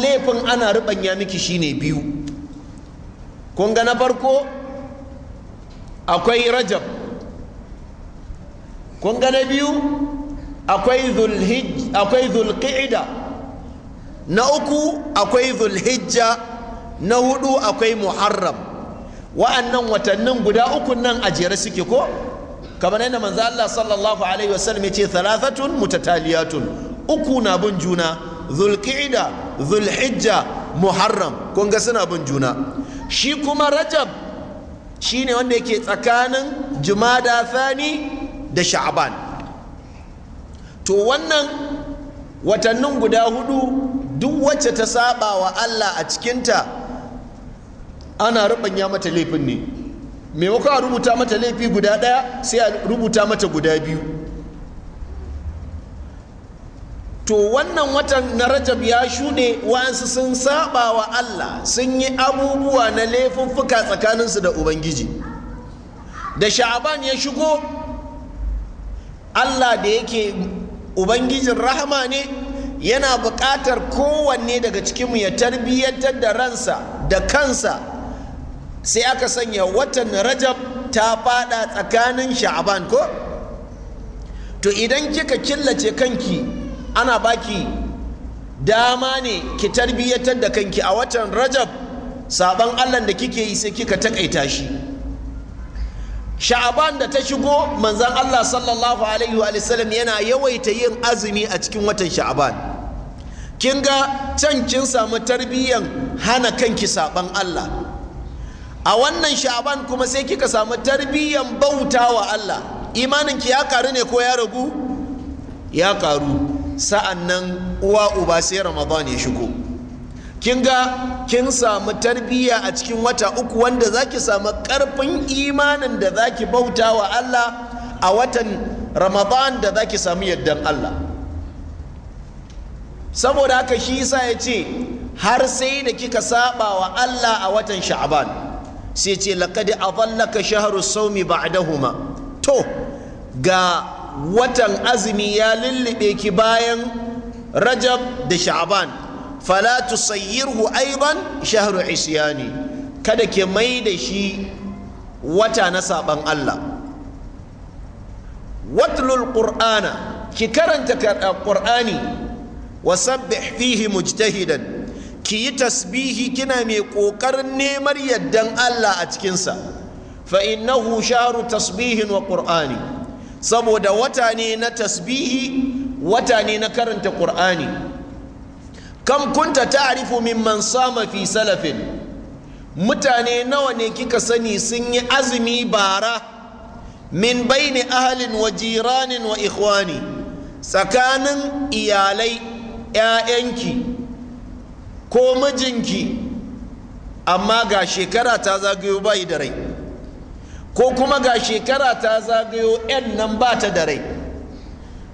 laifin ana rubanya miki shine biyu kun ga na farko akwai rajab kun ga na biyu akwai zulqa'ida na uku akwai zulhijja na hudu akwai muharram wa'annan watannin guda uku nan a jere suke ko kamar yadda manzo Allah sallallahu alaihi wasallam yace thalathatun mutataliyatun uku na bin juna zulqa'da zulhijja muharram kun ga suna bin juna shi kuma rajab shine wanda yake tsakanin jumada thani da sha'ban to wannan watannin guda hudu duk wacce ta saba wa Allah a cikinta ana rubanya mata laifin ne maimakon a rubuta mata laifi guda ɗaya sai a rubuta mata guda biyu to wannan watan na rajab ya shuɗe wa'ansu sun saba wa allah sun yi abubuwa na laifuffuka tsakaninsu da ubangiji da sha'aban ya shigo allah da yake ubangijin rahama ne yana buƙatar kowanne daga cikinmu ya tarbiyyantar da ransa da kansa sai aka sanya watan rajab ta fada tsakanin sha'aban ko to idan kika killace kanki ana baki dama ne ki tarbiyyatar da kanki a watan rajab sabon allah da kike yi sai kika takaita shi sha'aban da ta shigo manzan allah sallallahu alaihi wa sallam yana yawaita yin azumi a cikin watan sha'aban kin ga can kin samu tarbiyyan hana kanki sabon allah a wannan sha'aban kuma sai kika samu tarbiyyan bauta wa Allah imaninki ya karu ne ko ya ragu ya karu sa'an nan uwa uba sai ramadan ya shigo kin ga kin samu tarbiyya a cikin wata uku wanda zaki samu karfin imanin da zaki bauta wa Allah a watan ramadan da zaki samu yaddan Allah saboda haka shi yasa ya ce har sai da kika saba wa Allah a watan sha'aban sai ce laqad adallaka shahru saumi ba'dahuma to ga watan azumi ya lullube ki bayan rajab da sha'ban fala tusayyirhu aiban shahru isyani kada ke mai da shi wata na saban Allah watlul qur'ana ki karanta qur'ani wasabbih fihi mujtahidan ki yi tasbihi kina mai ƙoƙarin neman yaddan Allah a cikinsa fa innahu sharu tasbihin wa ƙur'ani saboda wata ne na tasbihi wata ne na karanta ƙur'ani kam kunta ta'rifu mimman sama fi salafin mutane nawa ne kika sani sun yi azumi bara min baini ahalin wa jiranin wa ikhwani tsakanin iyalai 'ya'yanki ko mijinki amma ga shekara ta zagayo bai da rai ko kuma ga shekara ta zagayo 'yan nan ba ta da rai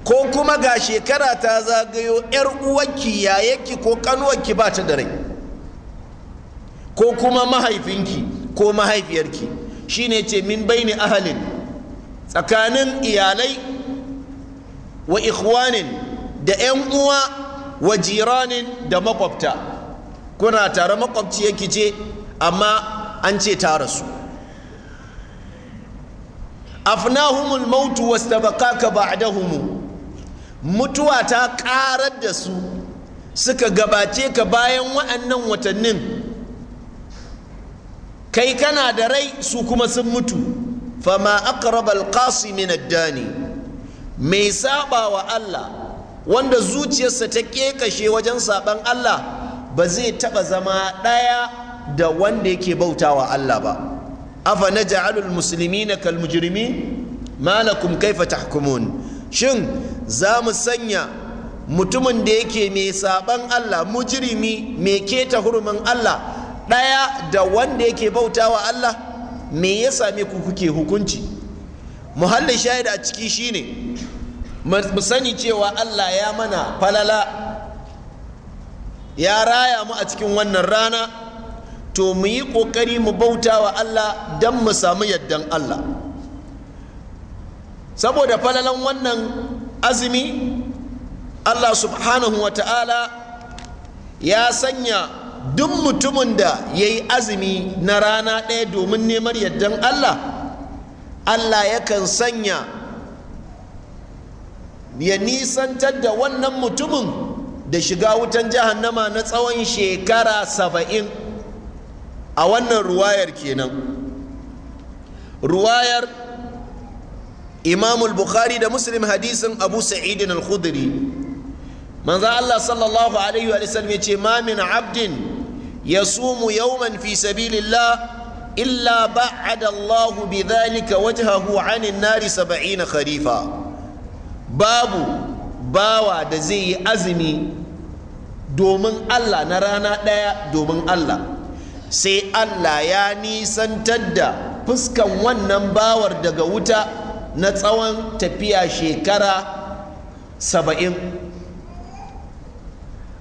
ko kuma ga shekara ta zagayo 'yar uwarki yayaki ko kanuwarki ba ta da rai ko kuma mahaifinki ko mahaifiyarki shine ce min baini ahalin tsakanin iyalai wa ikhwanin da 'yan uwa wa jiranin da makwabta kuna tare makwabci yake ce amma an ce ta rasu afnahumul mautu wastabaqaka ba'dahum mutuwa ta karar da su suka gabace ka bayan wa'annan watannin kai kana da rai su kuma sun mutu fama aqraba alqasi min ad-dani mai saba wa Allah wanda zuciyarsa ta kekashe wajen saban Allah ba zai taɓa zama ɗaya da wanda yake bautawa Allah ba afa na ja'alul musulmi na kalmujirmi malakum kaifa tahkumun shin za mu sanya mutumin da yake mai saban Allah mujirimi mai keta hurumin Allah ɗaya da wanda yake bautawa Allah me ya same ku kuke hukunci muhallin shahida a ciki shine mu sani cewa Allah ya mana falala ya raya mu a cikin wannan rana to mu yi ƙoƙari mu bauta wa Allah don mu samu yaddan Allah saboda falalan wannan azumi Allah subhanahu wa ta'ala ya sanya duk mutumin da ya yi azumi na rana ɗaya domin neman yardan Allah Allah yakan sanya ya nisantar da wannan mutumin da shiga wutan jahannama na tsawon shekara saba'in a wannan ruwayar kenan ruwayar imamul bukhari da muslim hadisin abu sa'idin al-khudri manzo Allah sallallahu alaihi wa sallam yace ma min abdin yasumu yawman fi sabilillah illa ba'ada Allah bi dhalika wajhahu 'anil nari 70 kharifa babu bawa da zai yi azumi domin Allah na rana ɗaya domin Allah sai Allah ya nisantar da fuskan wannan bawar daga wuta na tsawon tafiya shekara saba'in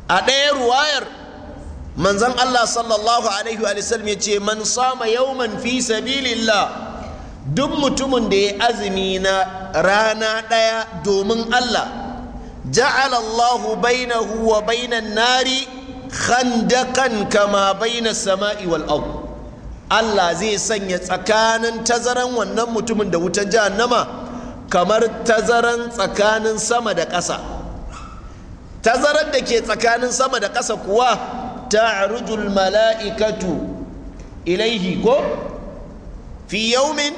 a ɗaya ruwayar manzan Allah sallallahu alaihi wasallam ya ce man sama yauman fi sabilillah duk mutumin da ya azumi na rana ɗaya domin Allah Ja'alallahu Allah bainahu wa bainan nari khandakan kama baina sama'i wal Allah zai sanya tsakanin tazaran wannan mutumin da wutar jahannama kamar tazaran tsakanin sama da ƙasa tazarar da ke tsakanin sama da ƙasa kuwa ta'rujul mala'ikatu ilaihi ko fi yaumin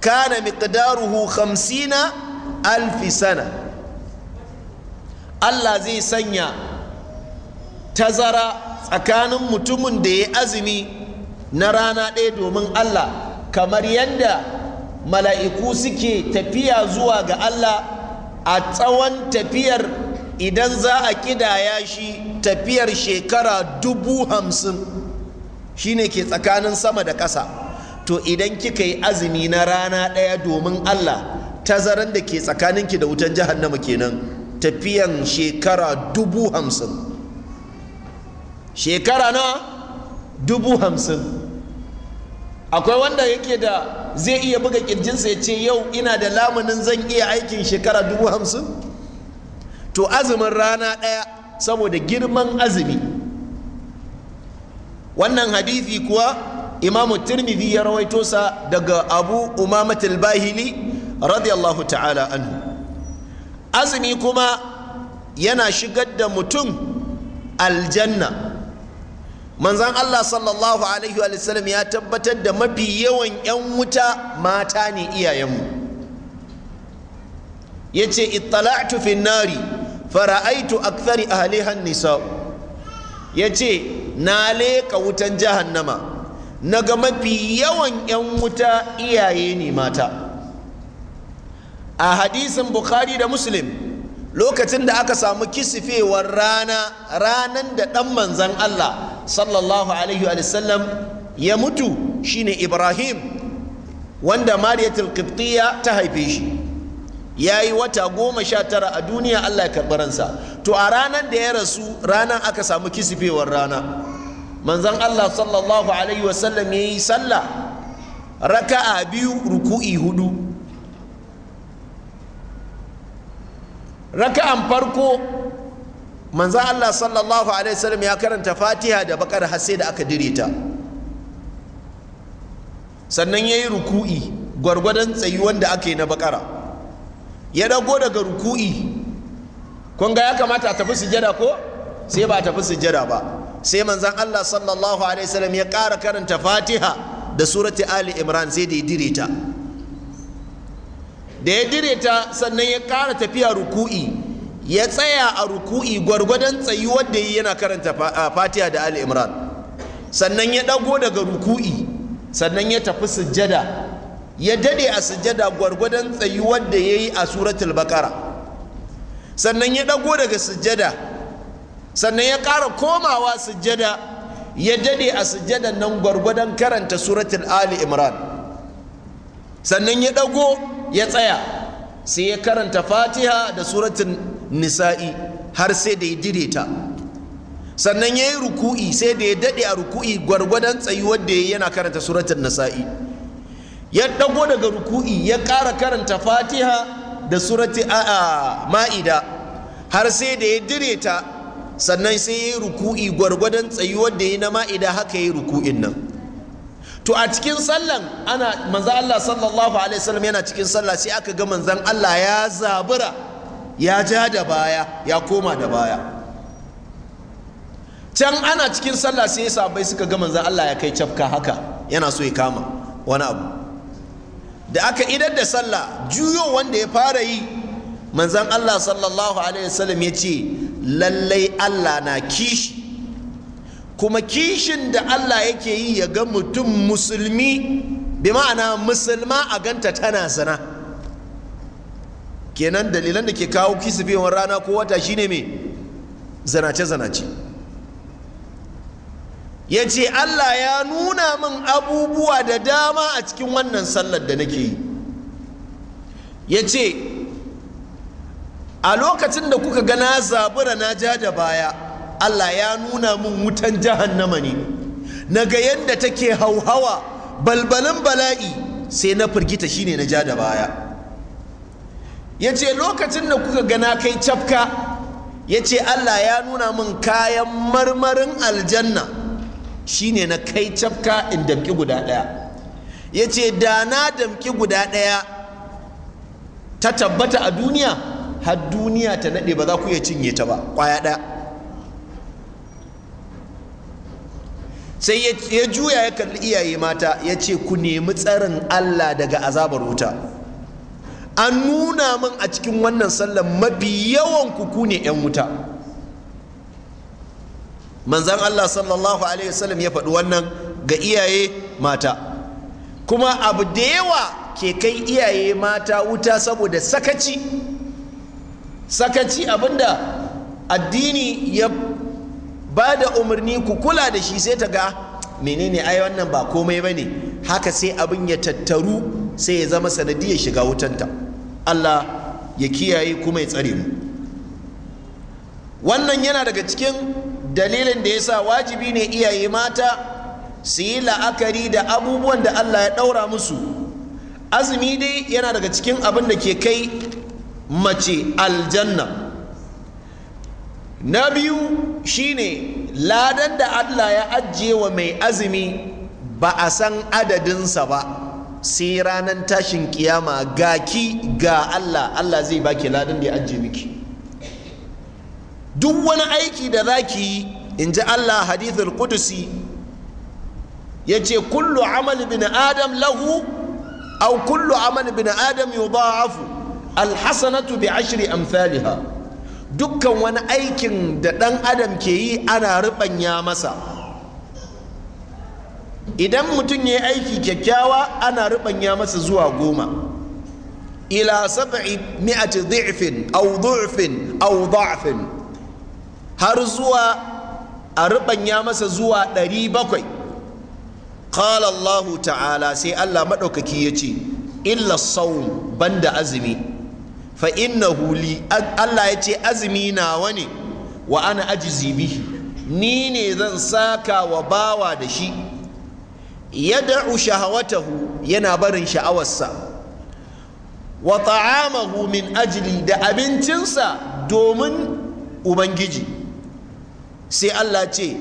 kana miqdaruhu 50 alfi sana allah zai sanya tazara tsakanin mutumin da ya azumi na rana ɗaya domin allah kamar yadda mala'iku suke tafiya zuwa ga allah a tsawon tafiyar idan za a kidaya shi tafiyar shekara dubu hamsin shine ke tsakanin sama da ƙasa to idan kika yi azumi na rana ɗaya domin allah tazaran da ke tsakaninki da wutan jahannama kenan tafiyan shekara dubu hamsin shekara na dubu hamsin akwai wanda yake da zai iya buga kirjinsa ya ce yau ina da lamunin zan iya aikin shekara dubu hamsin to azumin rana ɗaya saboda girman azumi wannan hadithi kuwa imamu tirmidhi ya rawaito sa daga abu umamatul bahili radiyallahu ta'ala anhu azumi kuma yana shigar da mutum aljanna manzan Allah sallallahu alaihi wa sallam ya tabbatar da mafi yawan 'yan wuta mata ne iyayenmu ya ce ittala'tu fi fara'aitu akthari ahlihan nisa ya ce na leka wutan jahannama na ga mafi yawan 'yan wuta iyaye ne mata a hadisin bukhari da muslim lokacin da aka samu kisifewar rana ranan da ɗan manzan allah sallallahu alaihi wasallam ya mutu shine ibrahim wanda mariyatul qibtiyya ta haife shi ya yi wata goma sha tara a duniya allah ya karɓi ransa to a ranar da ya rasu ranan aka samu kisifewar rana manzan allah sallallahu alaihi wasallam ya yi sallah raka'a biyu ruku'i hudu raka'an farko manzo Allah sallallahu alaihi wasallam ya karanta Fatiha da bakar har da aka dire ta sannan yayi ruku'i gwargwadon tsayuwan wanda ake na bakara ya dago daga ruku'i kun ga ya kamata a tafi sujada ko sai ba a tafi sujada ba sai manzan Allah sallallahu alaihi wasallam ya ƙara karanta Fatiha da surati Ali Imran sai da ya dire ta da ya dire ta sannan ya ƙara tafiya ruku'i ya tsaya a ruku'i gwargwadon tsayi wadda yi yana karanta fatiha da ali sannan ya ɗago daga ruku'i sannan ya tafi sujjada ya dade a sujjada gwargwadon tsayi wadda ya yi a suratul bakara sannan ya ɗago daga sujjada sannan ya ƙara komawa sujjada ya dade a sujjadan nan gwargwadon karanta suratul ali imran sannan ya ɗago ya tsaya sai ya karanta fatiha da suratun nisa'i har sai da ya dire ta sannan ya yi ruku'i sai da ya daɗe a ruku'i gwargwadon tsayi da ya yana karanta suratun nisa'i ya ɗago daga ruku'i ya ƙara karanta fatiha da suratun ma'ida har sai da ya dire ta sannan sai ya yi ruku'i gwargwadon tsayuwar da ya yi na ma'ida haka ya yi ruku'in nan to a cikin sallan ana manzan Allah sallallahu alaihi wasallam yana cikin sallah sai aka ga manzan Allah ya zabura ya ja da baya ya koma da baya can ana cikin sallah sai sabai suka ga manzan Allah ya kai cafka haka yana so ya kama wani abu da aka idar da sallah juyo wanda ya fara yi manzan Allah sallallahu alaihi wasallam ya ce lallai Allah na kishi kuma kishin da Allah yake yi ya ga mutum musulmi bi ma'ana musulma a ganta tana zina kenan dalilan da ke kawo kisifewar rana ko wata shine mai zanace-zanace ya ce Allah ya nuna min abubuwa da dama a cikin wannan sallar da nake yi ya ce a lokacin da kuka gana zabura na ja da baya Allah ya nuna mun wutan jahannama ne naga yadda take hauhawa balbalin bala'i sai na firgita shine na ja da baya ya ce lokacin da kuka gana kai cafka ya ce Allah ya nuna mun kayan marmarin aljanna shine na kai cafka in damki guda ɗaya ya ce da na damki guda ɗaya ta tabbata a duniya har duniya ta naɗe ba za ku iya cinye ta ba kwaya ɗaya sai ya juya ya kalli iyaye mata ya ce ku nemi tsarin Allah daga azabar wuta an nuna min a cikin wannan sallan mafi yawan ku ne 'yan wuta manzan Allah sallallahu alaihi wasallam ya faɗi wannan ga iyaye mata kuma abu da yawa ke kai iyaye mata wuta saboda sakaci sakaci abinda addini ya ba da umarni ku kula da shi sai ta ga menene ai wannan ba komai ba ne haka sai abin ya tattaru sai ya zama sanadiyar shiga wutanta Allah ya kiyaye kuma ya tsare mu wannan yana daga cikin dalilin da ya sa wajibi ne iyaye mata su yi la'akari da abubuwan da Allah ya ɗaura musu azumi dai yana daga cikin abin da ke kai mace aljanna na biyu shine ladan da allah ya ajiye wa mai azumi ba a san adadinsa ba sai ranar tashin kiyama ga ki ga allah allah zai baki ladan da ya ajiye miki duk wani aiki da za ki yi in ji allah hadithul kudusi ya ce kullu amal bin adam lahu au kullu amal bin adam yudha'afu Alhassanatu bi ashri amthaliha dukkan wani aikin da ɗan adam ke yi ana ruɓanya masa idan mutum ya yi aiki kyakkyawa ana ruɓanya masa zuwa goma ila saba'i mi'ati dhi'fin aw dhu'fin aw dha'fin har zuwa a ruɓanya masa zuwa ɗari bakwai qala ta'ala sai Allah maɗaukaki ya ce illa ban banda azumi fa inna huli Allah ya ce azumi nawa ne wa ana ajizi bihi ni ne zan saka wa bawa da shi ya da'u shahawatahu yana barin sha'awarsa wa ta'amahu min ajli da abincinsa domin ubangiji sai Allah ce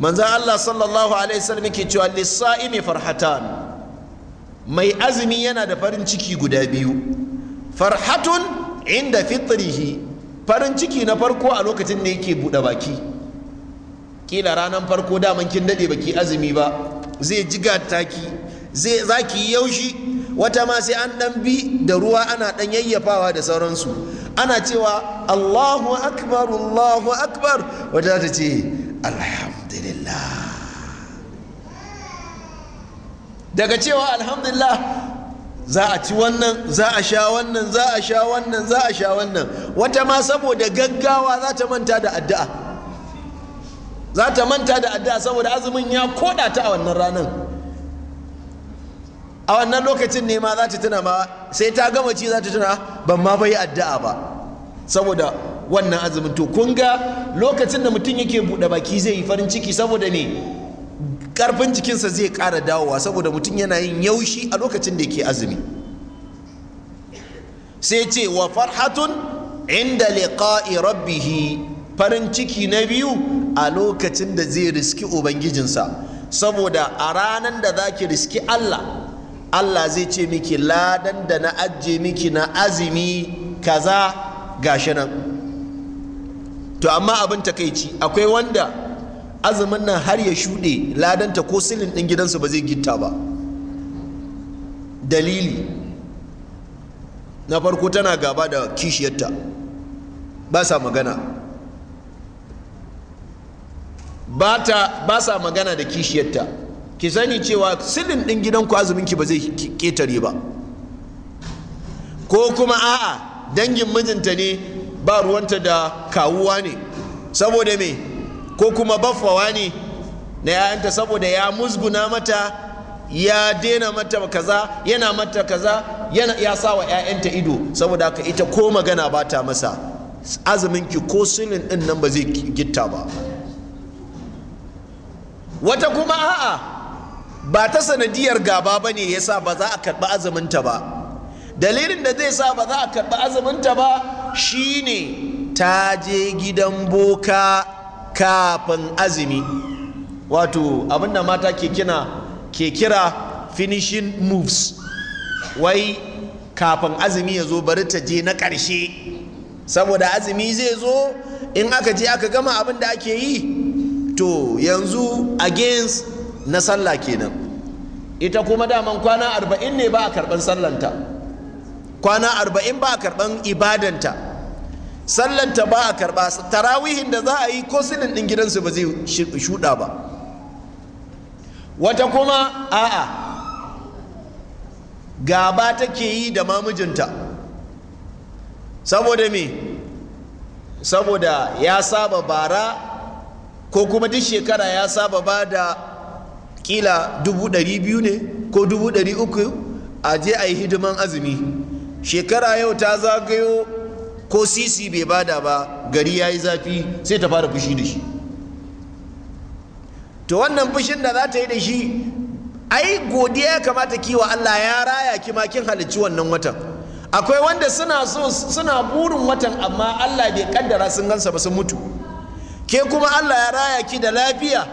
manzan Allah sallallahu alaihi wasallam ke cewa lissa'imi farhatan mai azumi yana da farin ciki guda biyu farhatun inda fitrihi farin ciki na farko a lokacin da yake buɗe baki kila ranar farko daman kin daɗe baki azumi ba zai jiga taki zai zaki yaushi wata ma sai an ɗan bi da ruwa ana ɗan yayyafawa da sauransu ana cewa allahu akbar allahu akbar wata ta ce alhamdulillah daga cewa alhamdulillah za a ci wannan za a sha wannan za a sha wannan za a sha wannan wata ma saboda gaggawa za ta manta da addu'a za ta manta da addu'a saboda azumin ya koda ta a wannan ranar a wannan lokacin ne ma za ta tuna ma sai ta gama ci za ta tuna ban ma bai addu'a ba saboda wannan azumin to kun ga lokacin da mutum yake buɗe baki zai yi farin ciki saboda me karfin jikinsa zai ƙara dawowa saboda mutum yana yin yaushi a lokacin da yake azumi sai ce wa farhatun inda liqa'i rabbihi farin ciki na biyu a lokacin da zai riski ubangijinsa saboda a ranar da za ki riski Allah Allah zai ce miki ladan da na ajiye miki na azumi kaza gashi nan to amma abin takaici akwai wanda azumin nan har ya shuɗe ladanta ko silin ɗin gidansu ba zai gitta ba dalili na farko tana gaba da kishiyarta ba sa magana ba sa magana da kishiyarta ki sani cewa silin ɗin gidanku azuminki ba zai ƙetare ba ko kuma a'a dangin mijinta ne ba ruwanta da kawuwa ne saboda me ko kuma baffawa ne na yayanta saboda ya musguna mata ya daina mata kaza yana mata kaza yana ya sa wa yayanta ido saboda ka ita ko magana ba ta masa azumin ki ko sunin din nan ba zai gitta ba wata kuma a'a ba ta sanadiyar gaba ba ne ya sa ba za a karɓi azuminta ba dalilin da zai sa ba za a karɓi azuminta ba shine ta je gidan boka kafin azumi wato abinda mata ke kina ke kira finishing moves wai kafin azumi ya zo bari ta je na ƙarshe saboda azumi zai zo in aka je aka gama abin da ake yi to yanzu against na sallah kenan ita kuma daman kwana arba'in ne ba a karɓar sallanta kwana arba'in ba a karɓar ibadanta sallanta ba a karba tarawihin da za a yi ko silin ɗin gidansu ba zai shuɗa ba wata kuma a'a gaba take yi da mamijinta saboda me saboda ya saba bara ko kuma duk shekara ya saba ba da kila dubu ɗari biyu ne ko dubu ɗari uku a je a yi hidiman azumi shekara yau ta zagayo ko sisi bai bada ba gari ya yi zafi sai ta fara fushi da shi to wannan fushin da za ta yi da shi ai godiya ya kamata kiwa Allah ya raya ki ma kin halicci wannan watan akwai wanda suna so suna burin watan amma Allah bai kaddara sun gansa ba sun mutu ke kuma Allah ya raya ki da lafiya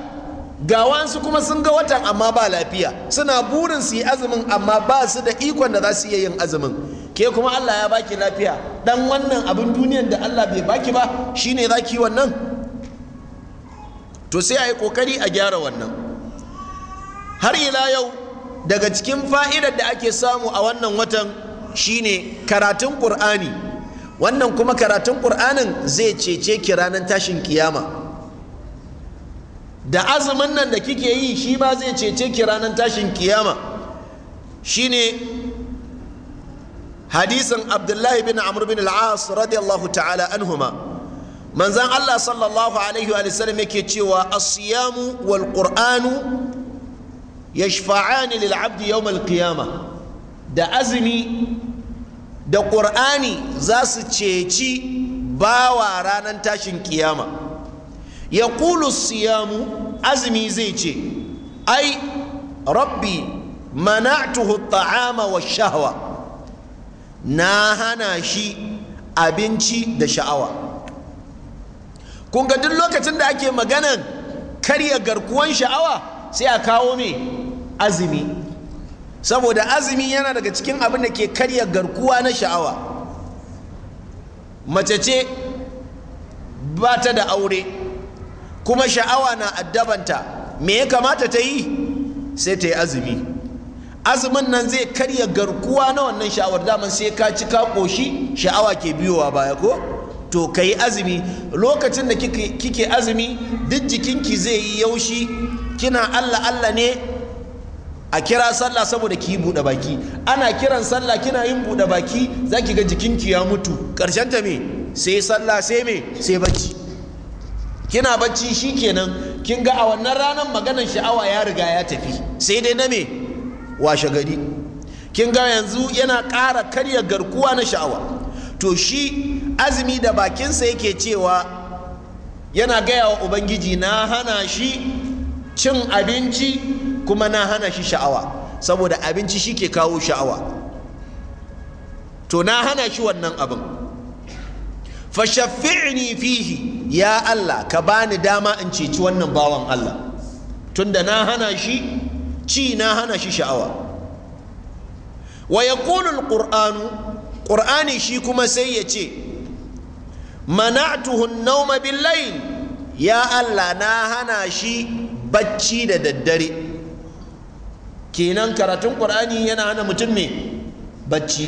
ga wasu kuma sun ga watan amma ba lafiya suna burin su yi azumin amma ba su da ikon da za su iya yin azumin ke kuma Allah ya baki lafiya dan wannan abin duniyan da Allah bai baki ba shine zaki wannan to sai a yi kokari a gyara wannan har ila yau daga cikin fa'idar da ake samu a wannan watan shine karatun ƙur'ani wannan kuma karatun ƙur'anin zai cece ki ranar tashin kiyama da azumin nan da kike yi shi ma zai cece ki ranar tashin kiyama shine hadisin abdullahi bin amr bin al-as radiyallahu ta'ala anhuma manzan Allah sallallahu alaihi wa sallam yake cewa as-siyamu wal qur'anu yashfa'ani lil 'abdi yawm al-qiyamah da azumi da qur'ani za su ceci bawa ranar tashin ƙiyama. yaqulu as-siyamu azumi zai ce ai rabbi mana'tuhu at-ta'ama wash-shahwa na hana shi abinci da sha'awa kun ga duk lokacin da ake maganan karya garkuwan sha'awa sai a kawo mai azumi saboda azumi yana daga cikin abin da ke karya garkuwa na sha'awa mace ce ba ta da aure kuma sha'awa na addabanta me ya kamata ta yi sai ta yi azumi azumin nan zai karya garkuwa na wannan sha'awar daman sai ka ci ka koshi sha'awa ke biyowa baya ko to ka yi azumi lokacin da kike azumi duk jikinki zai yi yaushi kina allah allah ne a kira sallah saboda ki yi buɗe baki ana kiran sallah kina yin buɗe baki za ki ga jikinki ya mutu ƙarshen ta me sai sallah sai me sai bacci kina bacci shikenan kin ga a wannan ranar maganar sha'awa ya riga ya tafi sai dai na me washe gari kin ga yanzu yana ƙara karya garkuwa na sha'awa to shi azumi da bakinsa yake cewa yana gaya wa ubangiji na hana shi cin abinci kuma na hana shi sha'awa saboda abinci shi ke kawo sha'awa to na hana shi wannan abin fashaffi'ni fihi ya Allah ka bani dama in ceci wannan bawan Allah tunda na hana shi ci na hana shi sha'awa wa yaqulu ƙur'anu qur'ani shi kuma sai ya ce mana'tuhu an ya Allah na hana shi bacci da daddare kenan karatun qur'ani yana hana mutum me bacci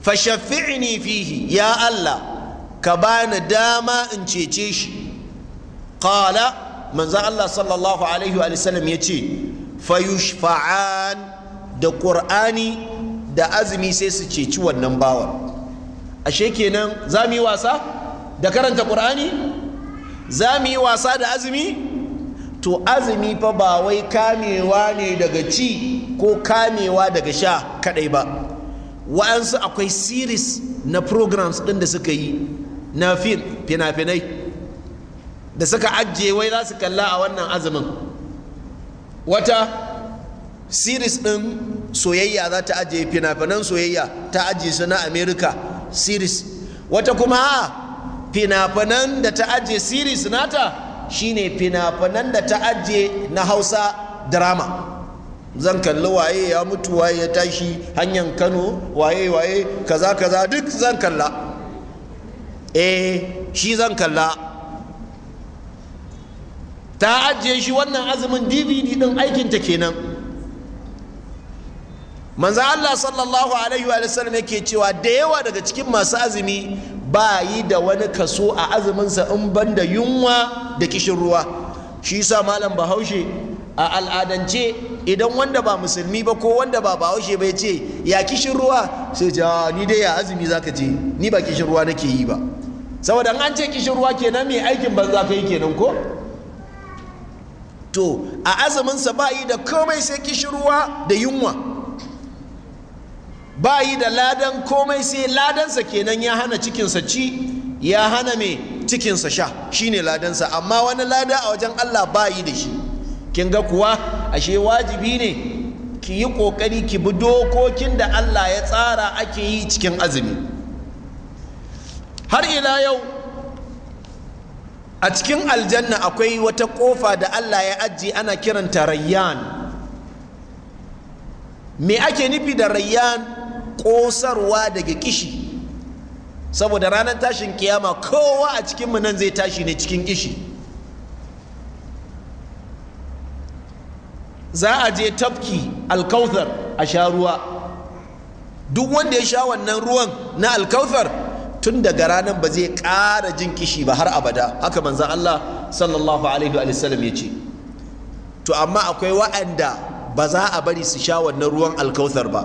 fashaffi'ni fihi ya Allah ka bani dama in cece shi qala manzan Allah sallallahu alaihi wa sallam ya ce fayushfa'an da ƙur'ani da azumi sai su ceci wannan bawan ashe kenan za mu yi wasa da karanta ƙur'ani za mu yi wasa da azumi to azumi fa ba wai kamewa ne daga ci ko kamewa daga sha kadai ba wa'ansu akwai siris na programs ɗin da suka yi na fina-finai da suka ajiye wai za su kalla a wannan azumin wata series ɗin soyayya za ta ajiye fina-finan soyayya ta ajiye su na america series wata kuma a fina-finan da ta ajiye series nata shine fina-finan da ta ajiye na hausa drama zan kalli waye ya mutu waye ya tashi hanyar kano waye waye kaza kaza duk zan kalla eh shi zan kalla ta ajiye shi wannan azumin dvd din aikinta kenan manzo Allah sallallahu alaihi wa sallam yake cewa da yawa daga cikin masu azumi ba yi da wani kaso a azuminsa in ban da yunwa da kishin ruwa shi yasa malam bahaushe a al'adance idan wanda ba musulmi ba ko wanda ba bahaushe ba ya ce ya kishin ruwa sai ce ah, ni dai ya azumi zaka je ni ba kishin ruwa nake yi ba saboda an ce kishin ruwa kenan mai aikin banza kai kenan ko to a azuminsa ba yi da komai sai kishirwa da yunwa ba yi da ladan komai sai ladansa kenan ya hana cikinsa ci ya hana mai cikinsa sha shine ladansa amma wani lada a wajen allah ba yi da shi kin ga kuwa ashe wajibi ne ki yi ƙoƙari ki bi dokokin da allah ya tsara ake yi cikin azumi har ila yau a cikin aljanna akwai wata kofa da allah ya ajiye ana kiranta rayyan me ake nufi da rayyan kosarwa daga kishi saboda ranar tashin kiyama kowa a cikinmu nan zai tashi ne cikin kishi za a je tafki alkauthar a sha ruwa duk wanda ya sha wannan ruwan na alkauthar tun daga ranar ba zai ƙara jin kishi ba har abada haka manzan Allah sallallahu alaihi wa sallam ya ce to amma akwai wa'anda ba za a bari su sha wannan ruwan alkautar ba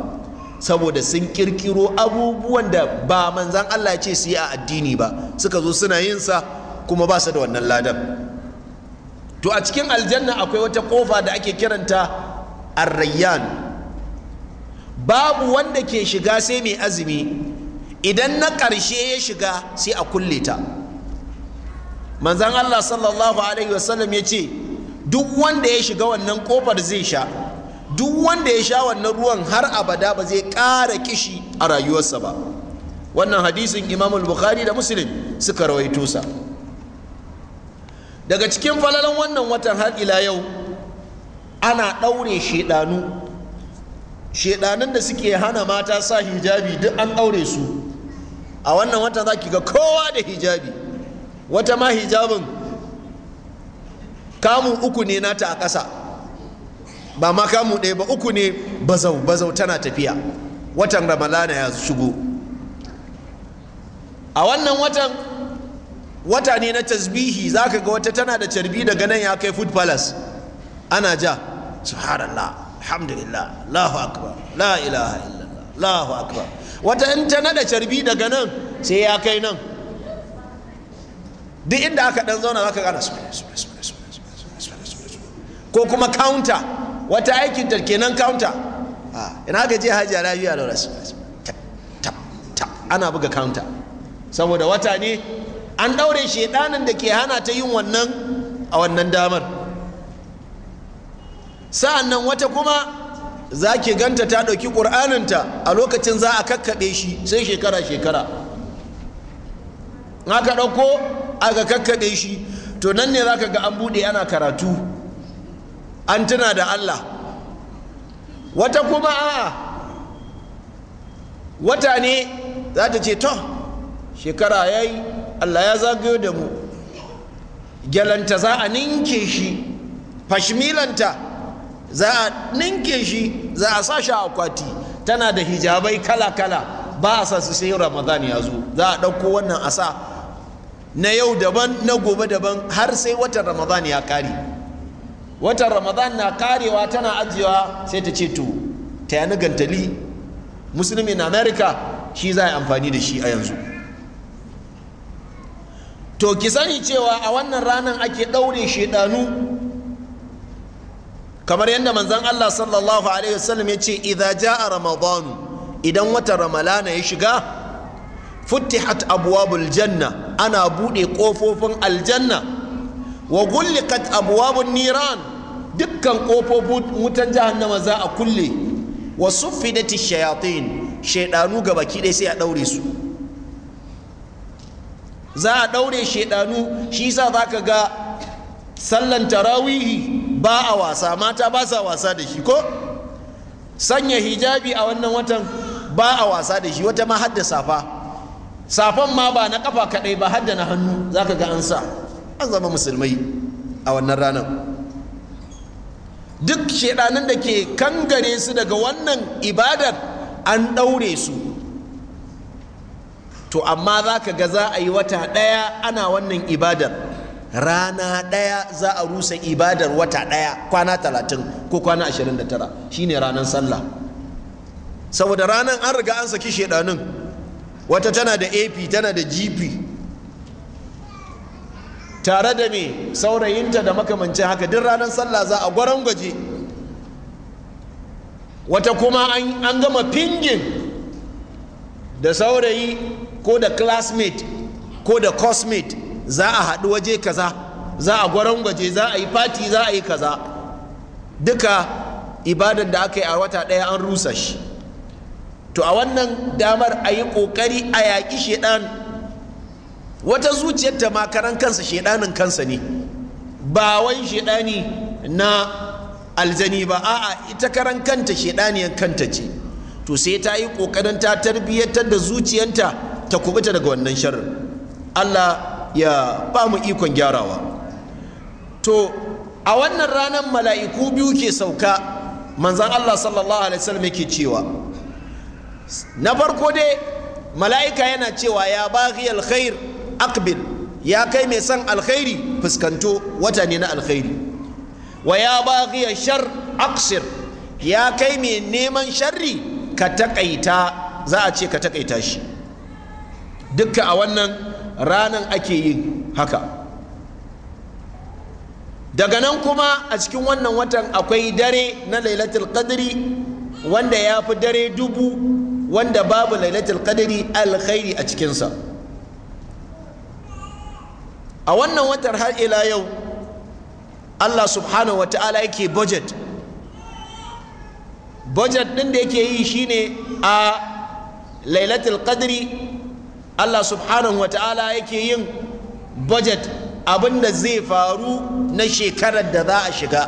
saboda sun kirkiro abubuwan da ba manzan Allah ya ce su yi a addini ba suka zo suna yin sa kuma ba su da wannan ladan to a cikin aljanna akwai wata kofa da ake kiranta arrayyan babu wanda ke shiga sai mai azumi idan na ƙarshe ya shiga sai a kulle ta manzan Allah sallallahu alaihi wasallam ya ce duk wanda ya shiga wannan kofar zai sha duk wanda ya sha wannan ruwan har abada ba zai ƙara kishi a rayuwarsa ba wannan hadisin imamul bukhari da muslim suka rawaito sa daga cikin falalan wannan watan har ila yau ana ɗaure shaidanu. Shaidanun da suke hana mata sa hijabi duk an ɗaure su a wannan watan za ki ga kowa da hijabi wata ma hijabin kamun uku ne nata a ƙasa ba ma kamun ɗaya ba uku ne bazau bazau tana tafiya watan ramalana ya shigo a wannan watan wata ne na tasbihi za ka ga wata tana da carbi daga nan ya kai food palace ana ja subhanallah alhamdulillah allahu akbar la ilaha illallah allahu akbar wata in ta nada carbi daga nan sai ya kai nan duk inda aka dan zauna ka gana ko kuma counter wata aikin ta kenan counter ina ka je a rayuwa da wasu ana buga counter saboda wata ne an daure shedanin da ke hana ta yin wannan a wannan damar sa'an nan wata kuma za ki ganta ta ɗauki ƙur'aninta a lokacin za a kakkaɓe shi sai shekara-shekara aka ɗauko aka kakkaɓe shi to nan ne za ka ga an buɗe ana karatu an tuna da allah wata kuma a wata ne za ta ce to shekara ya yi allah ya zagayo da mu gyalanta za a ninke shi fashmilanta za a ninke shi za a sa shi a akwati tana da hijabai kala-kala ba a sa su sai ramadan ya zo za a ɗauko wannan asa na yau daban na gobe daban har sai watan ramadan ya kare watan ramadan na karewa tana ajiyewa sai ta ce to ta yana gantali musulmi na america shi za a amfani da shi a yanzu to ki sani cewa a wannan ranar ake ɗaure shedanu kamar yadda manzon Allah sallallahu alaihi wasallam ya ce idza jaa ramadanu idan watan ramalana ya shiga futihat abwabul janna ana bude kofofin aljanna wa gulliqat abwabun niran dukkan kofofin wutan jahannama za a kulle wa suffidati shayatin shaidanu ga baki sai a ɗaure su za a ɗaure shaidanu shi sa za ka ga sallan tarawihi ba a wasa mata ba sa wasa da shi ko sanya hijabi a wannan watan ba a wasa da shi wata ma hadda safa safan ma ba na kafa kadai ba hadda na hannu Za ka ga an sa an zama musulmai a wannan ranar duk shedanan da ke kangare su daga wannan ibadar an ɗaure su to amma za ka ga za a yi wata ɗaya ana wannan ibadar rana ɗaya za a rusa ibadar wata ɗaya kwana talatin ko kwana ashirin da tara shine ranar sallah saboda ranar an riga an saki shaidanin wata tana da ap tana da gp tare da me saurayinta da makamancin haka duk ranar sallah za a gwaron gwaje wata kuma an gama fingin da saurayi ko da classmate ko da cosmate za a haɗu waje kaza za a waje za a yi fati za a yi kaza duka ibadar da aka yi a wata ɗaya an rusa shi to a wannan damar a yi ƙoƙari a yaƙi shaiɗan wata zuciyar ta makaran kansa shaiɗanin kansa ne ba wani shaiɗani na aljani ba a'a ita karan kanta shaiɗaniyar kanta ce to sai ta yi ƙoƙarin ta tarbiyyantar da zuciyarta ta kubuta daga wannan sharrin allah ya ba mu ikon gyarawa to a wannan ranar mala'iku biyu ke sauka manzan Allah sallallahu alaihi wasallam yake cewa na farko dai mala'ika yana cewa ya baghi alkhair Akbil ya kai mai son alkhairi fuskanto wata ne na alkhairi wa ya baghi shar aqsir ya kai mai neman sharri ka takaita za a ce ka takaita shi dukka a wannan ranan ake yi haka daga nan kuma a cikin wannan watan akwai dare na lailatul qadri wanda ya fi dare dubu wanda babu lailatul qadri alkhairi a cikinsa a wannan watan har ila yau allah subhanahu wa ta'ala yake budget budget din da yake yi shine a lailatul qadri Allah subhanahu wata'ala yake yin budget abinda zai faru na shekarar da za a shiga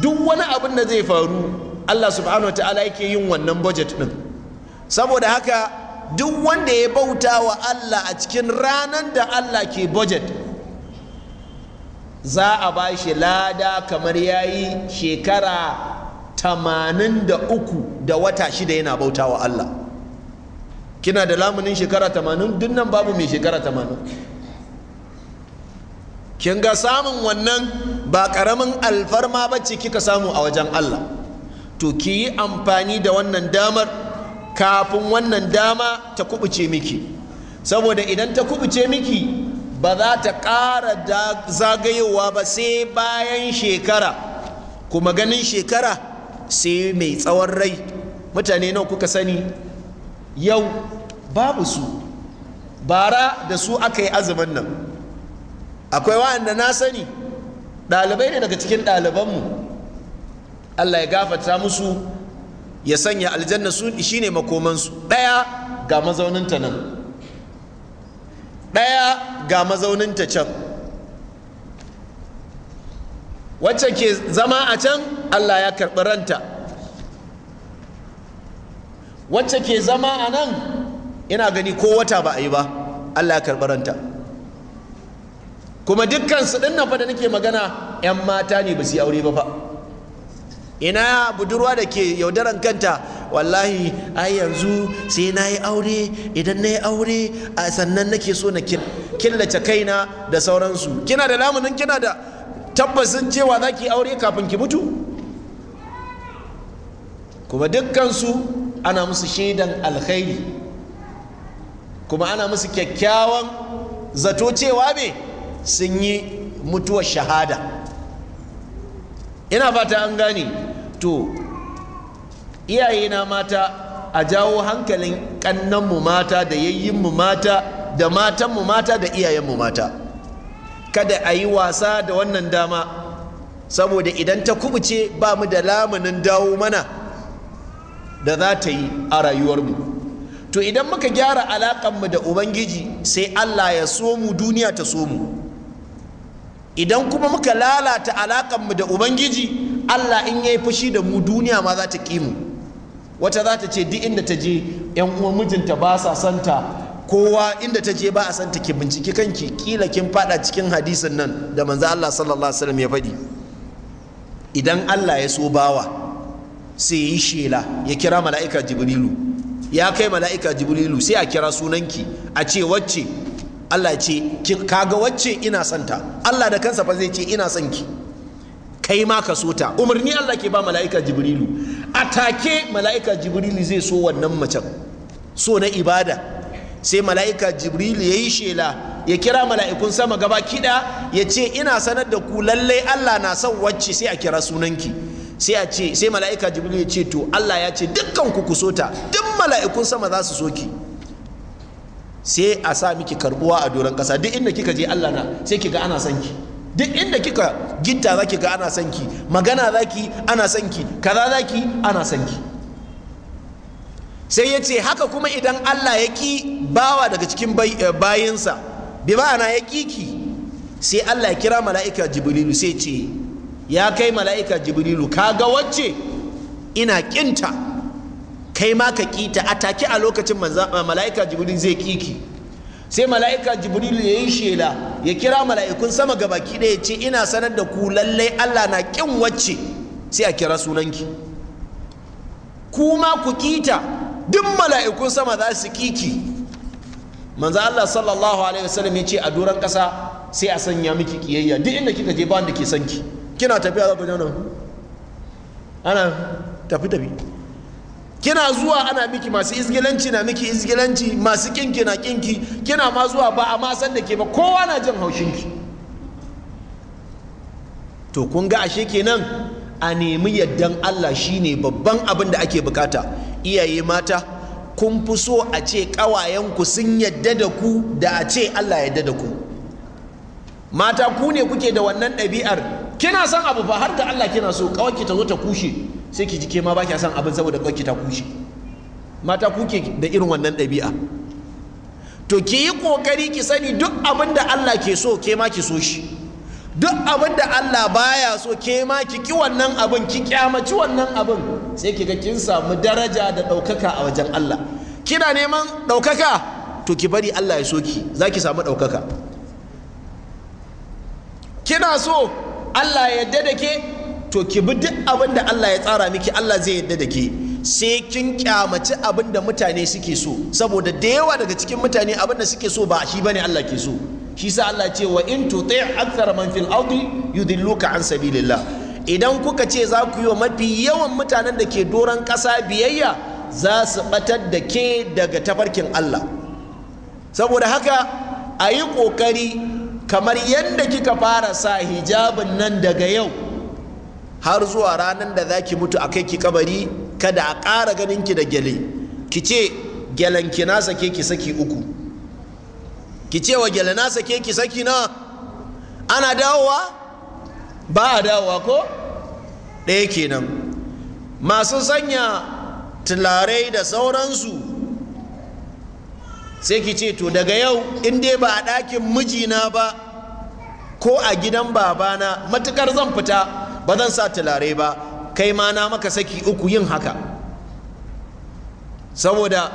duk wani abin da zai faru Allah subhanahu wata'ala yake yin wannan budget din saboda haka duk wanda ya bauta wa Allah a cikin ranar da Allah ke budget za a ba shi lada kamar ya yi shekara 83 da wata shida yana bauta wa Allah kina da lamunin shekara tamanin duk babu mai shekara 80 kin ga samun wannan ba karamin alfarma ba bace kika samu a wajen Allah to ki yi amfani da wannan damar kafin wannan dama ta kubuce miki saboda idan ta kubuce miki ba za ta ƙara zagayowa ba sai bayan shekara kuma ganin shekara sai mai tsawon rai mutane nawa kuka sani yau babu su bara da su aka yi azumin nan akwai wa'anda na sani ɗalibai ne daga cikin ɗalibanmu allah ya gafata musu ya sanya aljanna su shi ne makomansu ɗaya ga mazauninta nan ɗaya ga mazauninta can wacce ke zama a can allah ya karɓi ranta wacce ke zama a nan ina gani ko wata ba a yi ba allah ya karbaranta kuma dukkan su ɗin fa da nake magana 'yan mata ne ba su yi aure ba fa ina budurwa da ke yaudaran kanta wallahi ai yanzu sai na yi aure idan na yi aure a sannan nake so na killace kaina da sauransu kina da lamunin kina da tabbasin cewa za ki aure kafin ki mutu kuma dukkansu ana musu shaidan alkhairi kuma ana musu kyakkyawan zato cewa me sun yi mutuwar shahada ina fata an gane to iyaye na mata a jawo hankalin ƙannanmu mata da yayyinmu mata da matanmu mata da iyayenmu mata kada a yi wasa da wannan dama saboda idan ta kubuce ba mu da lamunin dawo mana da za ta yi a rayuwarmu to idan muka gyara alaƙanmu da ubangiji sai allah ya so mu duniya ta so mu idan kuma muka lalata alaƙanmu da ubangiji allah in ya yi fushi da mu duniya ma za ta ƙi mu wata za ta ce duk inda ta je yan uwan mijinta ba sa santa kowa inda ta je ba a santa ki binciki kanki kila kin fada cikin hadisin nan da manzo Allah sallallahu alaihi wasallam ya faɗi idan Allah ya so bawa sai yi shela ya kira mala'ika jibrilu ya kai mala'ika jibrilu sai a kira sunanki a ce wacce Allah ce kaga wacce ina santa Allah da kansa fa zai ce ina son ki kai ma ka so ta umarni Allah ke ba mala'ika jibrilu a take mala'ika jibrilu zai so wannan macen so na ibada sai mala'ika jibrilu ya yi shela ya kira mala'ikun sama gaba kiɗa ya ce ina sanar da ku lallai Allah na son wacce sai a kira sunanki sai a ce sai mala'ika jibril ya ce to Allah ya ce dukkan ku ku kusota duk mala'ikun sama za su soki sai a sa miki karbuwa a doron kasa duk inda kika je Allah na sai kiga ana son ki duk inda kika gitta zaki ga ana son ki magana zaki ana son ki kaza zaki ana son ki sai ya ce haka kuma idan Allah ya ki bawa daga cikin eh, bayinsa bi ma'ana ya ki ki sai Allah ya kira mala'ika jibrilu sai ce ya kai mala'ika jibrilu kaga wacce ina kinta kai ma ka kita a take a lokacin mala'ika jibrilu zai kiki sai mala'ika jibrilu ya yi shela ya kira mala'ikun sama ga baki ɗaya ce ina sanar da ku lallai allah na kin wacce sai a kira sunanki kuma ku kita duk mala'ikun sama za su kiki manzo allah sallallahu alaihi wasallam ya ce a doron ƙasa sai a sanya miki kiyayya duk inda kika je ba wanda ke sanki ki kina tafiya za ku ana tafi tafi kina zuwa ana miki masu izgilanci na miki izgilanci masu kinki na kinki kina ma zuwa ba a masan da ke ba kowa na jin haushinki to kun ga ashe kenan a nemi yaddan Allah shine babban abin da ake bukata iyaye mata kun fi so a ce ƙawayenku sun yadda da ku da a ce Allah yadda da ku mata ku ne kuke da wannan ɗabi'ar kina san abu fa har da Allah kina so kawai ta zo ta kushe sai ki ji ke ma ba kya son abin saboda kawai ta kushe mata kuke da irin wannan ɗabi'a to ki yi ƙoƙari ki sani duk abin da Allah ke so ke ma ki so shi duk abin da Allah baya so ke ma ki ki wannan abin ki kyamaci wannan abin sai ki ga kin samu daraja da ɗaukaka a wajen Allah kina neman ɗaukaka to ki bari Allah ya so ki za ki samu ɗaukaka kina so Allah ya yadda da ke to ki bi duk abin da Allah ya tsara miki Allah zai yadda da ke sai kin kyamaci abin da mutane suke so saboda da yawa daga cikin mutane abin da suke so ba shi bane Allah ke so shi sa Allah ce wa in tuti akthara man fil ardi yudilluka an sabilillah idan kuka ce za ku yi wa mafi yawan mutanen da ke doron ƙasa biyayya za su batar da ke daga tafarkin Allah saboda haka a yi ƙoƙari kamar yadda kika fara sa hijabin nan daga yau har zuwa ranar da za ki mutu a kai ki kabari kada a ƙara ganin ki da gyale ki ce gyalen ki na sake ki saki uku ki ce wa gyale na sake ki saki na ana dawowa ba a dawowa ko ɗaya kenan masu sanya tilarai da sauransu sai ki ce to daga yau in dai ba a ɗakin mijina ba ko a gidan babana matukar zan fita ba zan sa tulare ba kai ma na maka saki uku yin haka saboda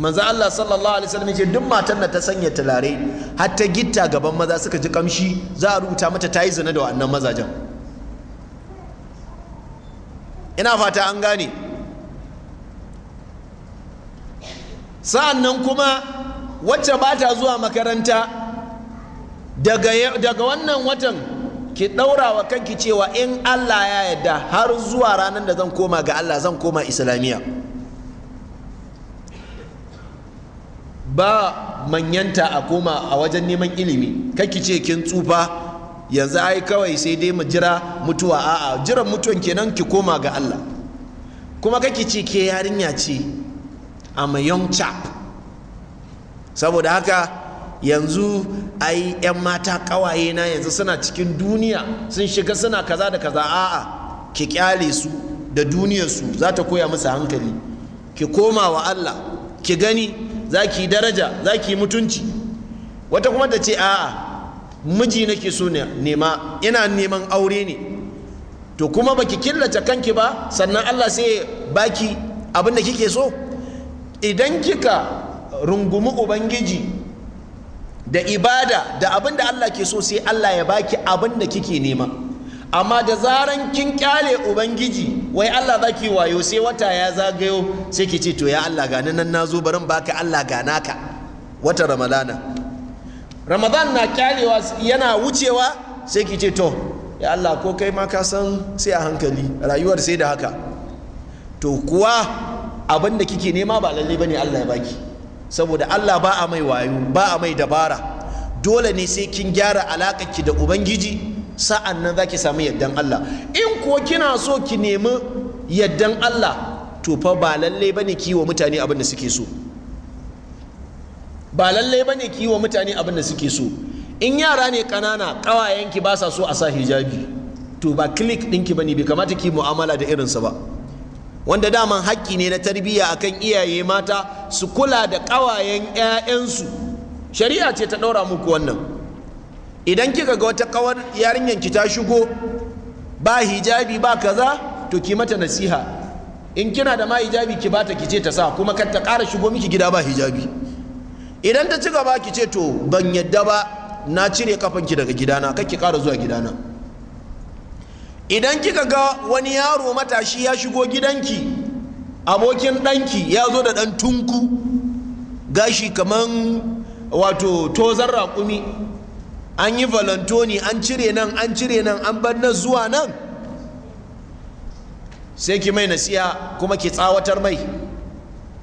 manzo Allah sallallahu alaihi wasallam ce duk matan da ta sanya tulare har ta gitta gaban maza suka ji kamshi za a rubuta mata ta yi zina da wannan mazajen ina fata an gane sa'an nan kuma wacce ba ta zuwa makaranta daga wannan watan ki ɗaura wa kanki cewa in Allah ya yadda har zuwa ranar da zan koma ga Allah zan koma islamiyya ba manyanta a koma a wajen neman ilimi kanki ce kin tsufa yanzu ai kawai sai dai mu jira mutuwa a'a jiran mutuwan kenan ki koma ga Allah kuma kake ce ke yarinya ce I'm a young chap saboda haka yanzu a yi 'yan mata kawaye na yanzu suna cikin duniya sun shiga suna kaza da kaza a'a ki kyale su da duniyarsu za ta koya musu hankali ki koma wa Allah ki gani za ki daraja za ki mutunci wata kuma ta ce a'a miji nake so nema ina neman aure ne to kuma baki killace kanki ba sannan Allah sai baki abin da kike so idan kika rungumi ubangiji da ibada da abin da Allah ke so sai Allah ya baki abin da kike nema amma da zaran kin kyale ubangiji wai Allah zaki wayo sai wata ya zagayo sai ki ce to ya Allah gani nan na zo barin baka Allah gana ka wata ramadana ramadan na kyalewa yana wucewa sai ki ce to ya Allah ko kai ma ka san sai a hankali rayuwar sai da haka to kuwa abin da kike nema ba lalle bane Allah ya baki saboda Allah ba a mai wayo ba a mai dabara dole ne sai kin gyara ki da ubangiji sa'an nan za ki samu yaddan Allah in ko kina so ki nemi yaddan Allah to fa ba lalle bane ki wa mutane abin da suke so ba lalle bane ki wa mutane abin da suke so in yara ne ƙanana ƙawayenki ba sa so a sa hijabi to ba click ɗinki bane bai kamata ki mu'amala da irinsa ba wanda daman haƙƙi ne na tarbiyya akan iyaye mata su kula da ƙawayen 'ya'yansu shari'a ce ta ɗaura muku wannan idan kika ga wata ƙawar yarinyar ki ta shigo ba hijabi ba kaza to ki mata nasiha in kina da ma hijabi ki bata ki ce ta sa kuma kar ta ƙara shigo miki gida ba hijabi idan ta ci gaba ki ce to ban yadda ba na cire kafanki daga gidana kar ki ƙara zuwa gidana idan kika ga wani yaro matashi ya shigo gidanki abokin ɗanki ya zo da ɗan tunku gashi kaman wato tozar raƙumi an yi valentoni an cire nan an cire nan an bar na zuwa nan sai ki mai nasiya kuma ki tsawatar mai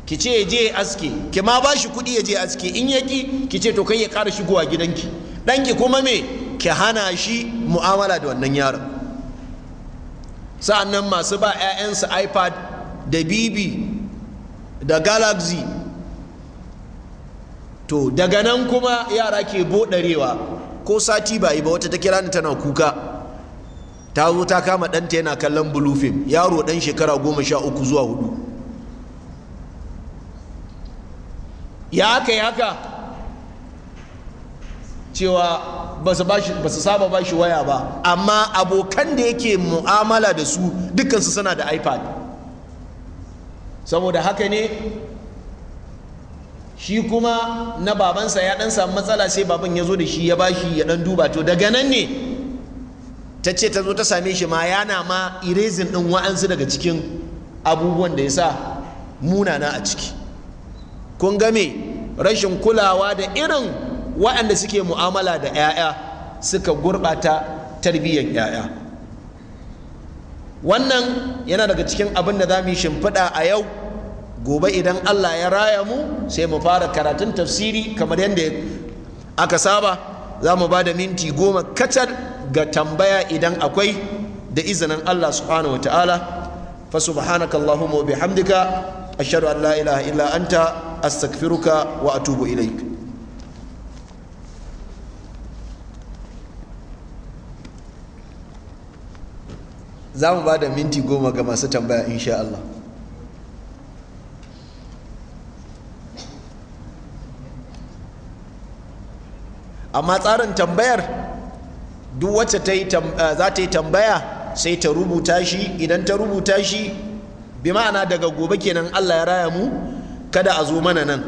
ki ce ya je aske ki ma ba shi kuɗi ya je aske in ya ki ki ce to kai ya ƙara shigowa gidanki ɗanki kuma me ki hana shi mu'amala da wannan yaron sa'annan masu ba 'ya'yansu ipad da bibi da galaxy to daga nan kuma yara ke boɗarewa ko sati ba yi ba wata ta kira ni tana kuka ta zo ta kama ɗanta yana kallon bulufin yaro ɗan shekara goma sha uku zuwa hudu ya haka ya haka cewa ba su saba ba shi waya ba amma abokan da yake mu'amala da su dukansu suna da ipad saboda haka ne shi kuma na babansa ya dan samu matsala sai baban ya zo da shi ya bashi ya dan duba to daga nan ne ta ce ta zo ta same shi ma yana ma irezin din wa'ansu daga cikin abubuwan da ya sa munana a ciki kun game rashin kulawa da irin waɗanda suke mu'amala da 'ya'ya suka gurɓata tarbiyyar 'ya'ya wannan yana daga cikin abin da za mu yi shimfiɗa a yau gobe idan allah ya raya mu sai mu fara karatun tafsiri kamar yadda aka saba za mu ba da minti goma kacar ga tambaya idan akwai da izinin allah subhanahu wa ta'ala fa subhanaka allahumma wa bihamdika ashhadu an la ilaha illa anta astaghfiruka wa atubu ilaik za mu ba da minti goma ga masu tambaya insha Allah amma tsarin tambayar duk wacce eh, za ta yi tambaya sai ta rubuta shi idan ta rubuta shi bi ma'ana daga gobe kenan Allah ya raya mu kada a zo mana nan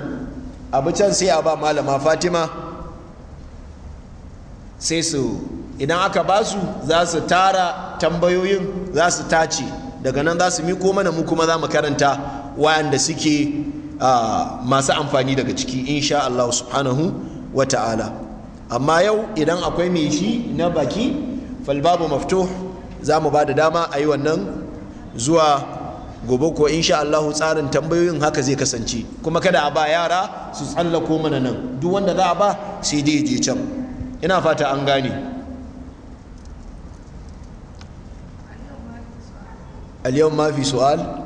abu can sai a ba malama fatima sai su idan aka ba su za su tara tambayoyin za su tace daga nan za su miko mana mu kuma za mu karanta wayanda suke masu amfani daga ciki insha Allah subhanahu wa ta'ala amma yau idan akwai mai shi na baki falbabu mafto za mu ba da dama a yi wannan zuwa gobe ko insha Allah tsarin tambayoyin haka zai kasance kuma kada a ba yara su tsallako mana nan duk wanda za a ba sai dai je can ina fata an gane اليوم ما في سؤال